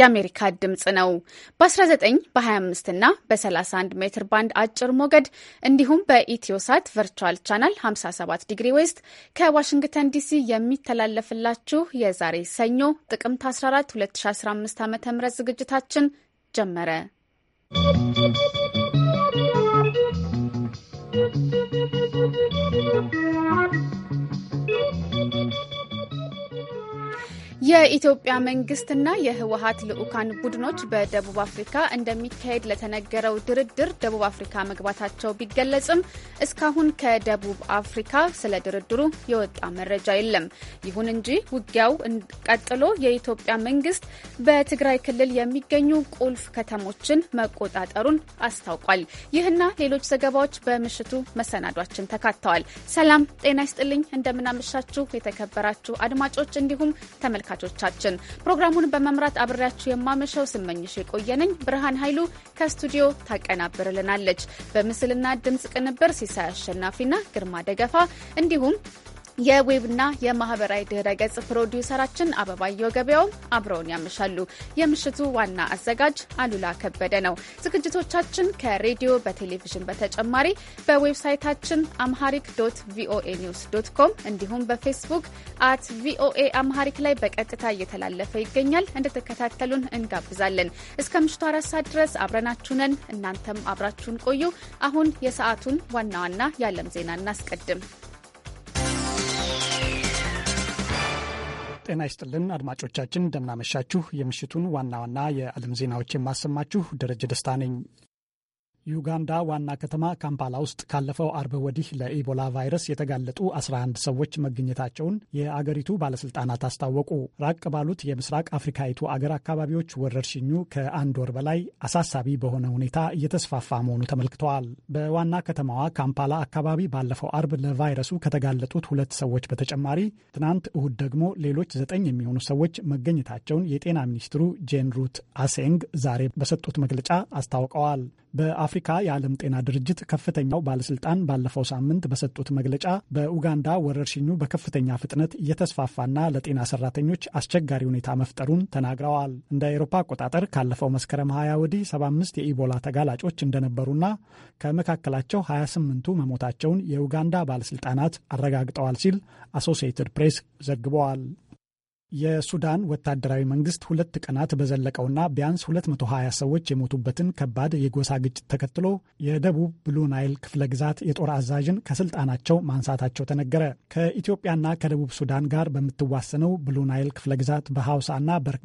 የአሜሪካ ድምፅ ነው። በ19 በ25 እና በ31 ሜትር ባንድ አጭር ሞገድ እንዲሁም በኢትዮሳት ቨርቹዋል ቻናል 57 ዲግሪ ዌስት ከዋሽንግተን ዲሲ የሚተላለፍላችሁ የዛሬ ሰኞ ጥቅምት 14 2015 ዓ ም ዝግጅታችን ጀመረ። የኢትዮጵያ መንግስትና የህወሀት ልዑካን ቡድኖች በደቡብ አፍሪካ እንደሚካሄድ ለተነገረው ድርድር ደቡብ አፍሪካ መግባታቸው ቢገለጽም እስካሁን ከደቡብ አፍሪካ ስለ ድርድሩ የወጣ መረጃ የለም። ይሁን እንጂ ውጊያው ቀጥሎ የኢትዮጵያ መንግስት በትግራይ ክልል የሚገኙ ቁልፍ ከተሞችን መቆጣጠሩን አስታውቋል። ይህና ሌሎች ዘገባዎች በምሽቱ መሰናዷችን ተካተዋል። ሰላም ጤና ይስጥልኝ። እንደምናመሻችሁ የተከበራችሁ አድማጮች እንዲሁም ተመልካ ተመልካቾቻችን ፕሮግራሙን በመምራት አብሬያችሁ የማመሸው ስመኝሽ የቆየነኝ ብርሃን ኃይሉ ከስቱዲዮ ታቀናብርልናለች። በምስልና ድምፅ ቅንብር ሲሳይ አሸናፊና ግርማ ደገፋ እንዲሁም የዌብና የማህበራዊ ድህረ ገጽ ፕሮዲውሰራችን አበባየው ገበያውም አብረውን ያመሻሉ። የምሽቱ ዋና አዘጋጅ አሉላ ከበደ ነው። ዝግጅቶቻችን ከሬዲዮ በቴሌቪዥን በተጨማሪ በዌብሳይታችን አምሃሪክ ዶት ቪኦኤ ኒውስ ዶት ኮም እንዲሁም በፌስቡክ አት ቪኦኤ አምሃሪክ ላይ በቀጥታ እየተላለፈ ይገኛል። እንድትከታተሉን እንጋብዛለን። እስከ ምሽቱ አራት ሰዓት ድረስ አብረናችሁነን እናንተም አብራችሁን ቆዩ። አሁን የሰዓቱን ዋና ዋና የዓለም ዜና እናስቀድም። ጤና ይስጥልን አድማጮቻችን፣ እንደምናመሻችሁ። የምሽቱን ዋና ዋና የዓለም ዜናዎች የማሰማችሁ ደረጀ ደስታ ነኝ። ዩጋንዳ ዋና ከተማ ካምፓላ ውስጥ ካለፈው አርብ ወዲህ ለኢቦላ ቫይረስ የተጋለጡ 11 ሰዎች መገኘታቸውን የአገሪቱ ባለስልጣናት አስታወቁ። ራቅ ባሉት የምስራቅ አፍሪካዊቱ አገር አካባቢዎች ወረርሽኙ ከአንድ ወር በላይ አሳሳቢ በሆነ ሁኔታ እየተስፋፋ መሆኑ ተመልክተዋል። በዋና ከተማዋ ካምፓላ አካባቢ ባለፈው አርብ ለቫይረሱ ከተጋለጡት ሁለት ሰዎች በተጨማሪ ትናንት እሁድ ደግሞ ሌሎች ዘጠኝ የሚሆኑ ሰዎች መገኘታቸውን የጤና ሚኒስትሩ ጄን ሩት አሴንግ ዛሬ በሰጡት መግለጫ አስታውቀዋል። በአፍሪካ የዓለም ጤና ድርጅት ከፍተኛው ባለስልጣን ባለፈው ሳምንት በሰጡት መግለጫ በኡጋንዳ ወረርሽኙ በከፍተኛ ፍጥነት እየተስፋፋና ለጤና ሰራተኞች አስቸጋሪ ሁኔታ መፍጠሩን ተናግረዋል። እንደ አውሮፓ አቆጣጠር ካለፈው መስከረም 20 ወዲህ 75 የኢቦላ ተጋላጮች እንደነበሩና ከመካከላቸው 28ቱ መሞታቸውን የኡጋንዳ ባለስልጣናት አረጋግጠዋል ሲል አሶሲየትድ ፕሬስ ዘግበዋል። የሱዳን ወታደራዊ መንግስት ሁለት ቀናት በዘለቀውና ቢያንስ 220 ሰዎች የሞቱበትን ከባድ የጎሳ ግጭት ተከትሎ የደቡብ ብሉ ናይል ክፍለ ግዛት የጦር አዛዥን ከስልጣናቸው ማንሳታቸው ተነገረ። ከኢትዮጵያና ከደቡብ ሱዳን ጋር በምትዋሰነው ብሉ ናይል ክፍለ ግዛት በሐውሳና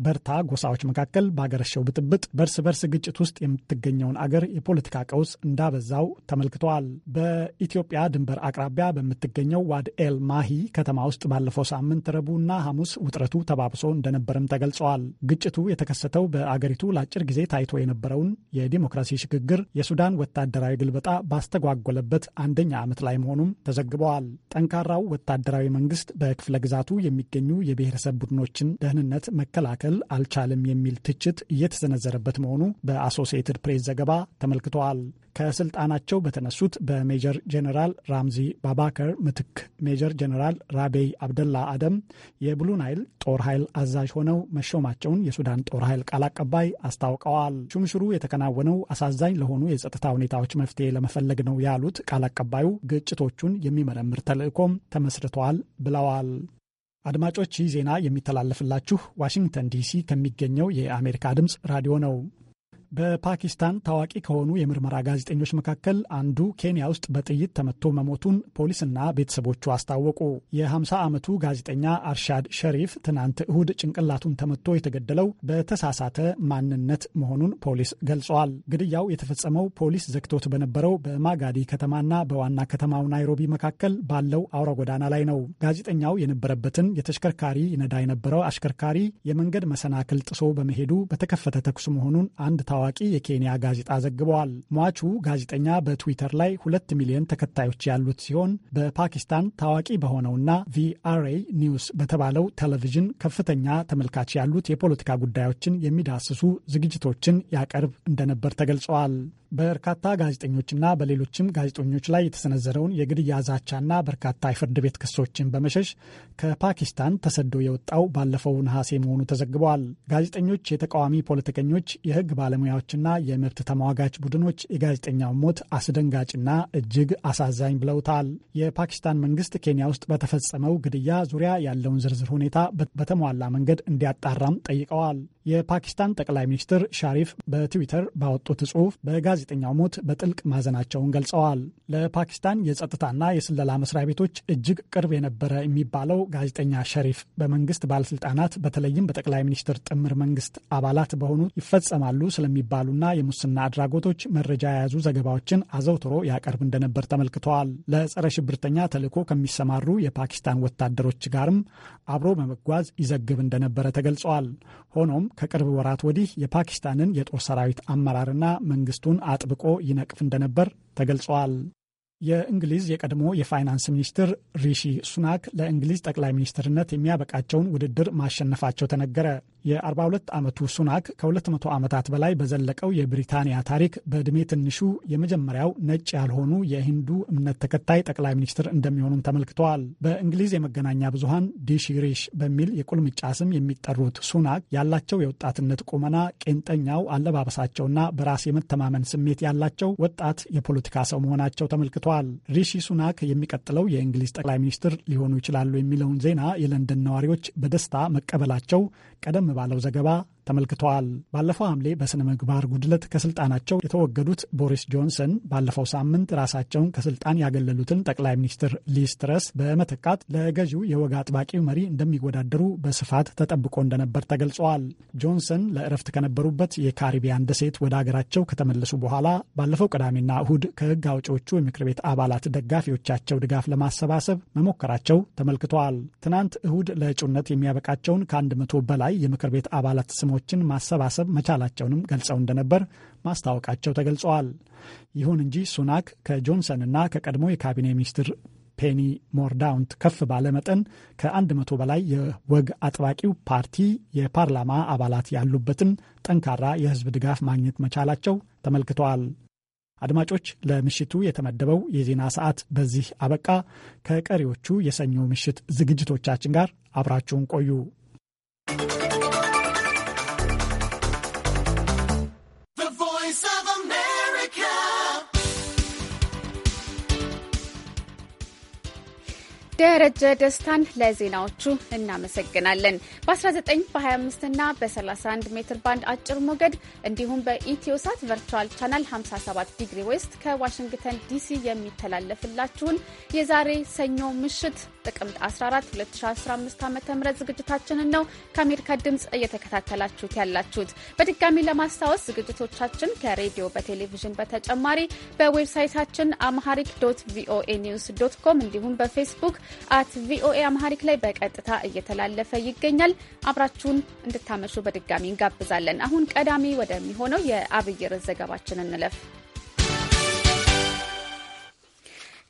በርታ ጎሳዎች መካከል ባገረሸው ብጥብጥ በእርስ በርስ ግጭት ውስጥ የምትገኘውን አገር የፖለቲካ ቀውስ እንዳበዛው ተመልክተዋል። በኢትዮጵያ ድንበር አቅራቢያ በምትገኘው ዋድ ኤል ማሂ ከተማ ውስጥ ባለፈው ሳምንት ረቡዕና ሐሙስ ውጥረት ግጭቱ ተባብሶ እንደነበርም ተገልጸዋል። ግጭቱ የተከሰተው በአገሪቱ ለአጭር ጊዜ ታይቶ የነበረውን የዲሞክራሲ ሽግግር የሱዳን ወታደራዊ ግልበጣ ባስተጓጎለበት አንደኛ ዓመት ላይ መሆኑም ተዘግበዋል። ጠንካራው ወታደራዊ መንግስት በክፍለ ግዛቱ የሚገኙ የብሔረሰብ ቡድኖችን ደህንነት መከላከል አልቻለም የሚል ትችት እየተሰነዘረበት መሆኑ በአሶሲኤትድ ፕሬስ ዘገባ ተመልክተዋል። ከስልጣናቸው በተነሱት በሜጀር ጀነራል ራምዚ ባባከር ምትክ ሜጀር ጀነራል ራቤይ አብደላ አደም የብሉ ናይል ጦር ኃይል አዛዥ ሆነው መሾማቸውን የሱዳን ጦር ኃይል ቃል አቀባይ አስታውቀዋል። ሹምሽሩ የተከናወነው አሳዛኝ ለሆኑ የጸጥታ ሁኔታዎች መፍትሄ ለመፈለግ ነው ያሉት ቃል አቀባዩ ግጭቶቹን የሚመረምር ተልእኮም ተመስርተዋል ብለዋል። አድማጮች ይህ ዜና የሚተላለፍላችሁ ዋሽንግተን ዲሲ ከሚገኘው የአሜሪካ ድምፅ ራዲዮ ነው። በፓኪስታን ታዋቂ ከሆኑ የምርመራ ጋዜጠኞች መካከል አንዱ ኬንያ ውስጥ በጥይት ተመቶ መሞቱን ፖሊስና ቤተሰቦቹ አስታወቁ። የ50 ዓመቱ ጋዜጠኛ አርሻድ ሸሪፍ ትናንት እሁድ ጭንቅላቱን ተመቶ የተገደለው በተሳሳተ ማንነት መሆኑን ፖሊስ ገልጿል። ግድያው የተፈጸመው ፖሊስ ዘግቶት በነበረው በማጋዲ ከተማና በዋና ከተማው ናይሮቢ መካከል ባለው አውራ ጎዳና ላይ ነው። ጋዜጠኛው የነበረበትን የተሽከርካሪ ይነዳ የነበረው አሽከርካሪ የመንገድ መሰናክል ጥሶ በመሄዱ በተከፈተ ተኩስ መሆኑን አንድ ታ ታዋቂ የኬንያ ጋዜጣ ዘግበዋል። ሟቹ ጋዜጠኛ በትዊተር ላይ ሁለት ሚሊዮን ተከታዮች ያሉት ሲሆን በፓኪስታን ታዋቂ በሆነውና ቪአርኤ ኒውስ በተባለው ቴሌቪዥን ከፍተኛ ተመልካች ያሉት የፖለቲካ ጉዳዮችን የሚዳስሱ ዝግጅቶችን ያቀርብ እንደነበር ተገልጸዋል። በርካታ ጋዜጠኞችና በሌሎችም ጋዜጠኞች ላይ የተሰነዘረውን የግድያ ዛቻና በርካታ የፍርድ ቤት ክሶችን በመሸሽ ከፓኪስታን ተሰዶ የወጣው ባለፈው ነሐሴ መሆኑ ተዘግበዋል። ጋዜጠኞች፣ የተቃዋሚ ፖለቲከኞች፣ የሕግ ባለሙያዎችና የመብት ተሟጋች ቡድኖች የጋዜጠኛው ሞት አስደንጋጭና እጅግ አሳዛኝ ብለውታል። የፓኪስታን መንግስት ኬንያ ውስጥ በተፈጸመው ግድያ ዙሪያ ያለውን ዝርዝር ሁኔታ በተሟላ መንገድ እንዲያጣራም ጠይቀዋል። የፓኪስታን ጠቅላይ ሚኒስትር ሻሪፍ በትዊተር ባወጡት ጽሑፍ በጋዜጠኛው ሞት በጥልቅ ማዘናቸውን ገልጸዋል። ለፓኪስታን የጸጥታና የስለላ መስሪያ ቤቶች እጅግ ቅርብ የነበረ የሚባለው ጋዜጠኛ ሸሪፍ በመንግስት ባለስልጣናት በተለይም በጠቅላይ ሚኒስትር ጥምር መንግስት አባላት በሆኑ ይፈጸማሉ ስለሚባሉና የሙስና አድራጎቶች መረጃ የያዙ ዘገባዎችን አዘውትሮ ያቀርብ እንደነበር ተመልክተዋል። ለጸረ ሽብርተኛ ተልዕኮ ከሚሰማሩ የፓኪስታን ወታደሮች ጋርም አብሮ በመጓዝ ይዘግብ እንደነበረ ተገልጸዋል። ሆኖም ከቅርብ ወራት ወዲህ የፓኪስታንን የጦር ሰራዊት አመራርና መንግስቱን አጥብቆ ይነቅፍ እንደነበር ተገልጸዋል። የእንግሊዝ የቀድሞ የፋይናንስ ሚኒስትር ሪሺ ሱናክ ለእንግሊዝ ጠቅላይ ሚኒስትርነት የሚያበቃቸውን ውድድር ማሸነፋቸው ተነገረ። የ42 ዓመቱ ሱናክ ከ200 ዓመታት በላይ በዘለቀው የብሪታንያ ታሪክ በዕድሜ ትንሹ የመጀመሪያው ነጭ ያልሆኑ የሂንዱ እምነት ተከታይ ጠቅላይ ሚኒስትር እንደሚሆኑም ተመልክተዋል። በእንግሊዝ የመገናኛ ብዙሃን ሪሽ በሚል የቁልምጫ ስም የሚጠሩት ሱናክ ያላቸው የወጣትነት ቁመና፣ ቄንጠኛው አለባበሳቸውና በራስ የመተማመን ስሜት ያላቸው ወጣት የፖለቲካ ሰው መሆናቸው ተመልክቷል። ተሰምቷል። ሪሺ ሱናክ የሚቀጥለው የእንግሊዝ ጠቅላይ ሚኒስትር ሊሆኑ ይችላሉ የሚለውን ዜና የለንደን ነዋሪዎች በደስታ መቀበላቸው ቀደም ባለው ዘገባ ተመልክተዋል። ባለፈው ሐምሌ በሥነ ምግባር ጉድለት ከስልጣናቸው የተወገዱት ቦሪስ ጆንሰን ባለፈው ሳምንት ራሳቸውን ከስልጣን ያገለሉትን ጠቅላይ ሚኒስትር ሊስ ትረስ በመተካት ለገዢው የወግ አጥባቂው መሪ እንደሚወዳደሩ በስፋት ተጠብቆ እንደነበር ተገልጸዋል። ጆንሰን ለእረፍት ከነበሩበት የካሪቢያን ደሴት ወደ አገራቸው ከተመለሱ በኋላ ባለፈው ቅዳሜና እሁድ ከሕግ አውጪዎቹ የምክር ቤት አባላት ደጋፊዎቻቸው ድጋፍ ለማሰባሰብ መሞከራቸው ተመልክተዋል። ትናንት እሁድ ለእጩነት የሚያበቃቸውን ከአንድ መቶ በላይ የምክር ቤት አባላት ስሞ ሰዎችን ማሰባሰብ መቻላቸውንም ገልጸው እንደነበር ማስታወቃቸው ተገልጸዋል። ይሁን እንጂ ሱናክ ከጆንሰን ና ከቀድሞ የካቢኔ ሚኒስትር ፔኒ ሞርዳውንት ከፍ ባለ መጠን ከ100 በላይ የወግ አጥባቂው ፓርቲ የፓርላማ አባላት ያሉበትን ጠንካራ የሕዝብ ድጋፍ ማግኘት መቻላቸው ተመልክተዋል። አድማጮች፣ ለምሽቱ የተመደበው የዜና ሰዓት በዚህ አበቃ። ከቀሪዎቹ የሰኞ ምሽት ዝግጅቶቻችን ጋር አብራችሁን ቆዩ። ደረጀ ደስታን ለዜናዎቹ እናመሰግናለን። በ19 በ25 እና በ31 ሜትር ባንድ አጭር ሞገድ እንዲሁም በኢትዮሳት ቨርቹዋል ቻናል 57 ዲግሪ ዌስት ከዋሽንግተን ዲሲ የሚተላለፍላችሁን የዛሬ ሰኞ ምሽት ጥቅምት 14 2015 ዓ ም ዝግጅታችንን ነው ከአሜሪካ ድምፅ እየተከታተላችሁት ያላችሁት። በድጋሚ ለማስታወስ ዝግጅቶቻችን ከሬዲዮ በቴሌቪዥን በተጨማሪ በዌብሳይታችን አምሃሪክ ዶት ቪኦኤ ኒውስ ዶት ኮም እንዲሁም በፌስቡክ አት ቪኦኤ አምሃሪክ ላይ በቀጥታ እየተላለፈ ይገኛል። አብራችሁን እንድታመሹ በድጋሚ እንጋብዛለን። አሁን ቀዳሚ ወደሚሆነው የአብይር ዘገባችን እንለፍ።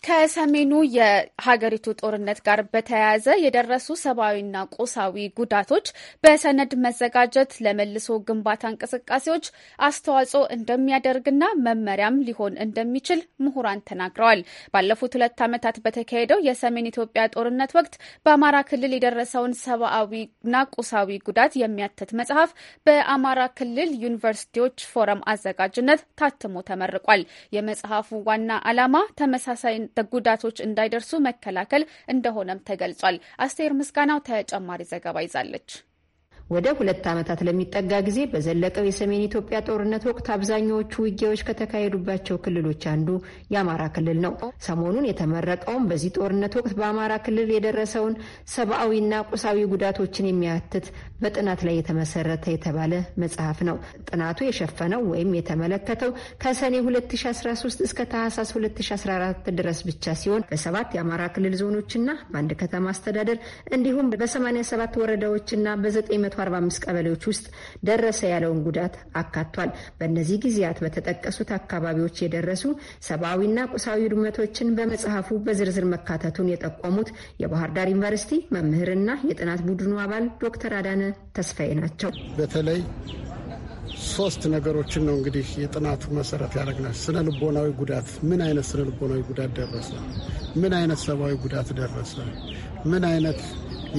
ከሰሜኑ የሀገሪቱ ጦርነት ጋር በተያያዘ የደረሱ ሰብአዊና ቁሳዊ ጉዳቶች በሰነድ መዘጋጀት ለመልሶ ግንባታ እንቅስቃሴዎች አስተዋጽኦ እንደሚያደርግና መመሪያም ሊሆን እንደሚችል ምሁራን ተናግረዋል። ባለፉት ሁለት ዓመታት በተካሄደው የሰሜን ኢትዮጵያ ጦርነት ወቅት በአማራ ክልል የደረሰውን ሰብአዊና ቁሳዊ ጉዳት የሚያትት መጽሐፍ በአማራ ክልል ዩኒቨርሲቲዎች ፎረም አዘጋጅነት ታትሞ ተመርቋል። የመጽሐፉ ዋና ዓላማ ተመሳሳይ ጉዳቶች እንዳይደርሱ መከላከል እንደሆነም ተገልጿል። አስቴር ምስጋናው ተጨማሪ ዘገባ ይዛለች። ወደ ሁለት ዓመታት ለሚጠጋ ጊዜ በዘለቀው የሰሜን ኢትዮጵያ ጦርነት ወቅት አብዛኛዎቹ ውጊያዎች ከተካሄዱባቸው ክልሎች አንዱ የአማራ ክልል ነው። ሰሞኑን የተመረቀውም በዚህ ጦርነት ወቅት በአማራ ክልል የደረሰውን ሰብአዊና ቁሳዊ ጉዳቶችን የሚያትት በጥናት ላይ የተመሰረተ የተባለ መጽሐፍ ነው። ጥናቱ የሸፈነው ወይም የተመለከተው ከሰኔ 2013 እስከ ታህሳስ 2014 ድረስ ብቻ ሲሆን በሰባት የአማራ ክልል ዞኖችና በአንድ ከተማ አስተዳደር እንዲሁም በ87 ወረዳዎችና በ9 ከ45 ቀበሌዎች ውስጥ ደረሰ ያለውን ጉዳት አካቷል። በእነዚህ ጊዜያት በተጠቀሱት አካባቢዎች የደረሱ ሰብአዊና ቁሳዊ ውድመቶችን በመጽሐፉ በዝርዝር መካተቱን የጠቆሙት የባህር ዳር ዩኒቨርሲቲ መምህርና የጥናት ቡድኑ አባል ዶክተር አዳነ ተስፋዬ ናቸው። በተለይ ሶስት ነገሮችን ነው እንግዲህ የጥናቱ መሰረት ያደረግናል። ስነ ልቦናዊ ጉዳት፣ ምን አይነት ስነ ልቦናዊ ጉዳት ደረሰ? ምን አይነት ሰብአዊ ጉዳት ደረሰ? ምን አይነት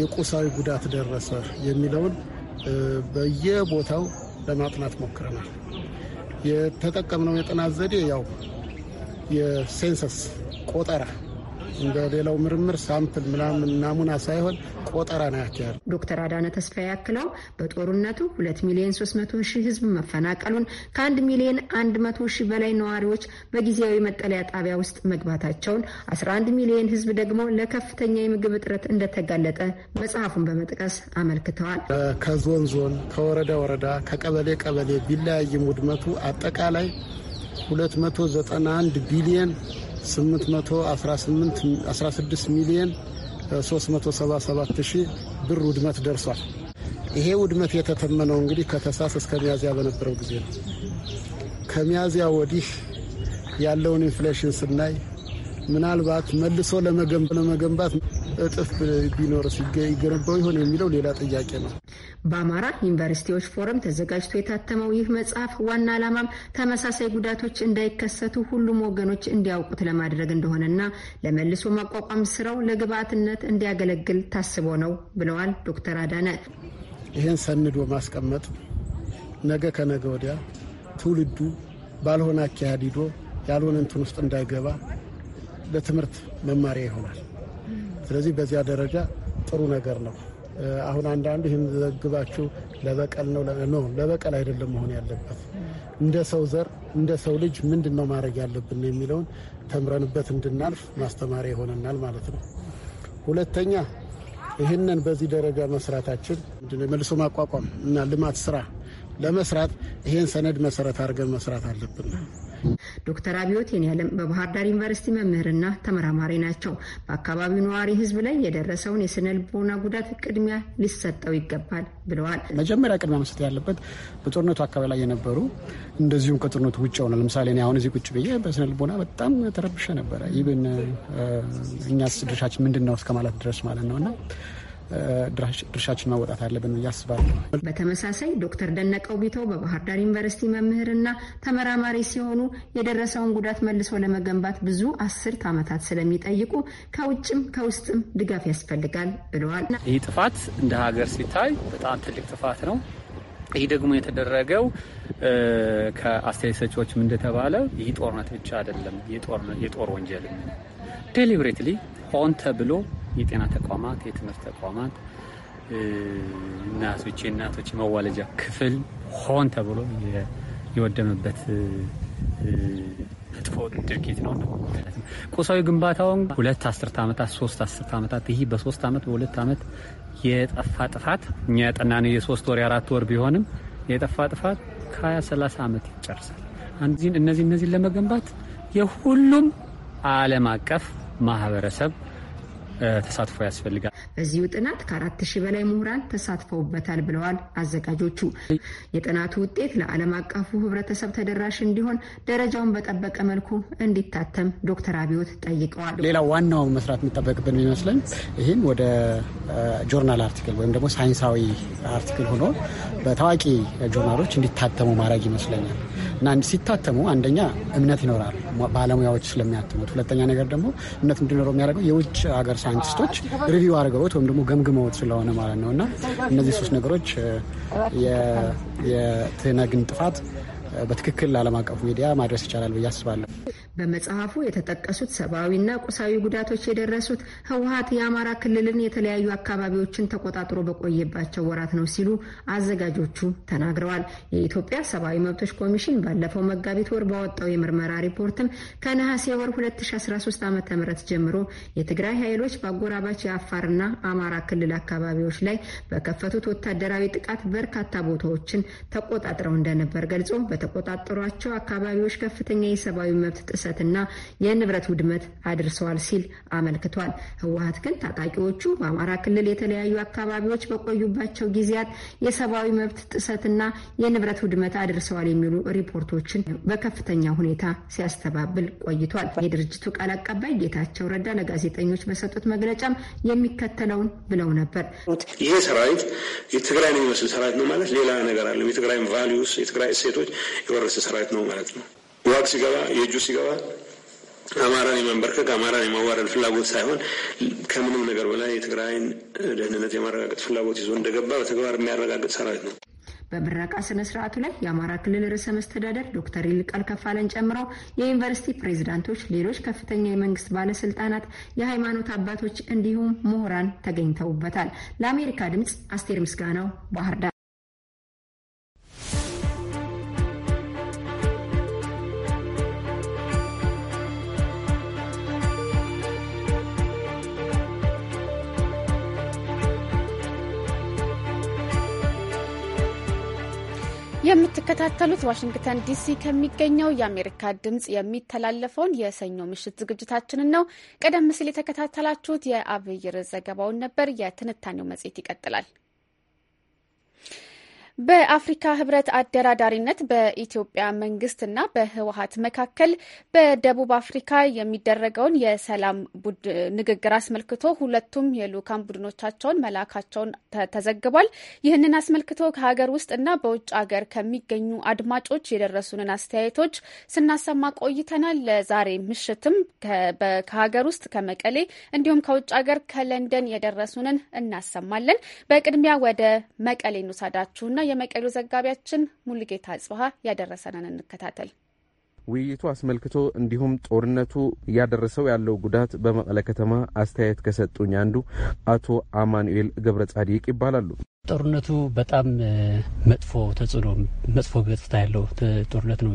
የቁሳዊ ጉዳት ደረሰ የሚለውን በየቦታው ለማጥናት ሞክረናል። የተጠቀምነው የጥናት ዘዴ ያው የሴንሰስ ቆጠራ እንደ ሌላው ምርምር ሳምፕል ምናምን ናሙና ሳይሆን ቆጠራ ነው ያካሄድ። ዶክተር አዳነ ተስፋ ያክለው በጦርነቱ ሁለት ሚሊዮን ሶስት መቶ ሺህ ህዝብ መፈናቀሉን ከአንድ ሚሊዮን አንድ መቶ ሺህ በላይ ነዋሪዎች በጊዜያዊ መጠለያ ጣቢያ ውስጥ መግባታቸውን፣ አንድ ሚሊዮን ህዝብ ደግሞ ለከፍተኛ የምግብ እጥረት እንደተጋለጠ መጽሐፉን በመጥቀስ አመልክተዋል። ከዞን ዞን፣ ከወረዳ ወረዳ፣ ከቀበሌ ቀበሌ ቢለያይም ውድመቱ አጠቃላይ 291 ቢሊዮን 816 ሚሊዮን 377 ሺህ ብር ውድመት ደርሷል። ይሄ ውድመት የተተመነው እንግዲህ ከተሳስ እስከ ሚያዝያ በነበረው ጊዜ ነው። ከሚያዝያ ወዲህ ያለውን ኢንፍሌሽን ስናይ ምናልባት መልሶ ለመገንባት እጥፍ ቢኖርስ ይገነባው ይሆን የሚለው ሌላ ጥያቄ ነው። በአማራ ዩኒቨርሲቲዎች ፎረም ተዘጋጅቶ የታተመው ይህ መጽሐፍ ዋና ዓላማም ተመሳሳይ ጉዳቶች እንዳይከሰቱ ሁሉም ወገኖች እንዲያውቁት ለማድረግ እንደሆነና ለመልሶ ማቋቋም ስራው ለግብአትነት እንዲያገለግል ታስቦ ነው ብለዋል ዶክተር አዳነ። ይህን ሰንዶ ማስቀመጥ ነገ ከነገ ወዲያ ትውልዱ ባልሆነ አካሄድ ሂዶ ያልሆነ እንትን ውስጥ እንዳይገባ ለትምህርት መማሪያ ይሆናል። ስለዚህ በዚያ ደረጃ ጥሩ ነገር ነው። አሁን አንዳንዱ ይህን ዘግባችሁ ለበቀል ነው። ለበቀል አይደለም መሆን ያለበት። እንደ ሰው ዘር እንደ ሰው ልጅ ምንድን ነው ማድረግ ያለብን የሚለውን ተምረንበት እንድናልፍ ማስተማሪያ ይሆነናል ማለት ነው። ሁለተኛ ይህንን በዚህ ደረጃ መስራታችን መልሶ ማቋቋም እና ልማት ስራ ለመስራት ይህን ሰነድ መሰረት አድርገን መስራት አለብን። ዶክተር አብዮት የኔዓለም በባህር ዳር ዩኒቨርሲቲ መምህርና ተመራማሪ ናቸው። በአካባቢው ነዋሪ ህዝብ ላይ የደረሰውን የስነ ልቦና ጉዳት ቅድሚያ ሊሰጠው ይገባል ብለዋል። መጀመሪያ ቅድሚያ መስጠት ያለበት በጦርነቱ አካባቢ ላይ የነበሩ እንደዚሁም ከጦርነቱ ውጭ ሆነ ለምሳሌ አሁን እዚህ ቁጭ ብዬ በስነ ልቦና በጣም ተረብሸ ነበረ። ይብን እኛ ድርሻችን ምንድን ነው ድረስ ማለት ነው እና ድርሻችን ማወጣት አለብን እያስባለሁ። በተመሳሳይ ዶክተር ደነቀው ቢተው በባህር ዳር ዩኒቨርሲቲ መምህርና ተመራማሪ ሲሆኑ የደረሰውን ጉዳት መልሶ ለመገንባት ብዙ አስርት ዓመታት ስለሚጠይቁ ከውጭም ከውስጥም ድጋፍ ያስፈልጋል ብለዋል። ይህ ጥፋት እንደ ሀገር ሲታይ በጣም ትልቅ ጥፋት ነው። ይህ ደግሞ የተደረገው ከአስተያየት ሰጪዎችም እንደተባለ ይህ ጦርነት ብቻ አይደለም፣ የጦር ወንጀል ዴሊብሬትሊ ሆን ተብሎ የጤና ተቋማት፣ የትምህርት ተቋማት፣ እናቶች የእናቶች መዋለጃ ክፍል ሆን ተብሎ የወደመበት መጥፎ ድርጊት ነው። ቁሳዊ ግንባታውን ሁለት አስርት ዓመታት ሶስት አስርት ዓመታት ይህ በሶስት ዓመት በሁለት ዓመት የጠፋ ጥፋት እኛ ያጠናነው የሶስት ወር የአራት ወር ቢሆንም የጠፋ ጥፋት ከሀያ ሰላሳ ዓመት ይጨርሳል። አንዚን እነዚህ እነዚህን ለመገንባት የሁሉም ዓለም አቀፍ ማህበረሰብ ተሳትፎ ያስፈልጋል። በዚሁ ጥናት ከአራት ሺህ በላይ ምሁራን ተሳትፈውበታል ብለዋል አዘጋጆቹ። የጥናቱ ውጤት ለዓለም አቀፉ ህብረተሰብ ተደራሽ እንዲሆን ደረጃውን በጠበቀ መልኩ እንዲታተም ዶክተር አብዮት ጠይቀዋል። ሌላው ዋናው መስራት የሚጠበቅብን የሚመስለን ይህን ወደ ጆርናል አርቲክል ወይም ደግሞ ሳይንሳዊ አርቲክል ሆኖ በታዋቂ ጆርናሎች እንዲታተሙ ማድረግ ይመስለኛል እና ሲታተሙ አንደኛ እምነት ይኖራል ባለሙያዎች ስለሚያትሙት፣ ሁለተኛ ነገር ደግሞ እምነት እንዲኖረው የሚያደርገው የውጭ ሀገር ሳይንቲስቶች ሪቪው አድርገው አድርገውት ወይም ደግሞ ገምግመውት ስለሆነ ማለት ነው እና እነዚህ ሶስት ነገሮች የትህነግን ጥፋት በትክክል ለዓለም አቀፉ ሚዲያ ማድረስ ይቻላል ብዬ አስባለሁ። በመጽሐፉ የተጠቀሱት ሰብአዊና ቁሳዊ ጉዳቶች የደረሱት ህወሀት የአማራ ክልልን የተለያዩ አካባቢዎችን ተቆጣጥሮ በቆየባቸው ወራት ነው ሲሉ አዘጋጆቹ ተናግረዋል። የኢትዮጵያ ሰብአዊ መብቶች ኮሚሽን ባለፈው መጋቢት ወር ባወጣው የምርመራ ሪፖርትም ከነሐሴ ወር 2013 ዓ ም ጀምሮ የትግራይ ኃይሎች በአጎራባች የአፋርና አማራ ክልል አካባቢዎች ላይ በከፈቱት ወታደራዊ ጥቃት በርካታ ቦታዎችን ተቆጣጥረው እንደነበር ገልጾ በተቆጣጠሯቸው አካባቢዎች ከፍተኛ የሰብአዊ መብት ጥሰትና የንብረት ውድመት አድርሰዋል ሲል አመልክቷል። ህወሀት ግን ታጣቂዎቹ በአማራ ክልል የተለያዩ አካባቢዎች በቆዩባቸው ጊዜያት የሰብአዊ መብት ጥሰትና የንብረት ውድመት አድርሰዋል የሚሉ ሪፖርቶችን በከፍተኛ ሁኔታ ሲያስተባብል ቆይቷል። የድርጅቱ ቃል አቀባይ ጌታቸው ረዳ ለጋዜጠኞች በሰጡት መግለጫም የሚከተለውን ብለው ነበር። ይሄ ሰራዊት የትግራይ ነው የሚመስል ሰራዊት ነው ማለት ሌላ ነገር አለም። የትግራይ ቫሊዩስ፣ የትግራይ እሴቶች የወረሰ ሰራዊት ነው ማለት ነው። ዋቅ ሲገባ የእጁ ሲገባ አማራን የማንበርከክ አማራን የማዋረድ ፍላጎት ሳይሆን ከምንም ነገር በላይ የትግራይን ደህንነት የማረጋገጥ ፍላጎት ይዞ እንደገባ በተግባር የሚያረጋግጥ ሰራዊት ነው። በምረቃ ስነ ስርዓቱ ላይ የአማራ ክልል ርዕሰ መስተዳደር ዶክተር ይልቃል ከፋለን ጨምሮ የዩኒቨርሲቲ ፕሬዚዳንቶች ሌሎች ከፍተኛ የመንግስት ባለስልጣናት፣ የሃይማኖት አባቶች እንዲሁም ምሁራን ተገኝተውበታል። ለአሜሪካ ድምፅ አስቴር ምስጋናው ባህር የምትከታተሉት ዋሽንግተን ዲሲ ከሚገኘው የአሜሪካ ድምፅ የሚተላለፈውን የሰኞ ምሽት ዝግጅታችንን ነው። ቀደም ሲል የተከታተላችሁት የአብይር ዘገባውን ነበር። የትንታኔው መጽሔት ይቀጥላል። በአፍሪካ ህብረት አደራዳሪነት በኢትዮጵያ መንግስትና በህወሀት መካከል በደቡብ አፍሪካ የሚደረገውን የሰላም ንግግር አስመልክቶ ሁለቱም የልኡካን ቡድኖቻቸውን መላካቸውን ተዘግቧል። ይህንን አስመልክቶ ከሀገር ውስጥ እና በውጭ ሀገር ከሚገኙ አድማጮች የደረሱንን አስተያየቶች ስናሰማ ቆይተናል። ለዛሬ ምሽትም ከሀገር ውስጥ ከመቀሌ እንዲሁም ከውጭ ሀገር ከለንደን የደረሱንን እናሰማለን። በቅድሚያ ወደ መቀሌ እንውሰዳችሁና የመቀሉ ዘጋቢያችን ሙሉጌታ ጽብሃ ያደረሰንን እንከታተል። ውይይቱ አስመልክቶ እንዲሁም ጦርነቱ እያደረሰው ያለው ጉዳት በመቀለ ከተማ አስተያየት ከሰጡኝ አንዱ አቶ አማኑኤል ገብረ ጻዲቅ ይባላሉ። ጦርነቱ በጣም መጥፎ ተጽዕኖ መጥፎ ገጽታ ያለው ጦርነት ነው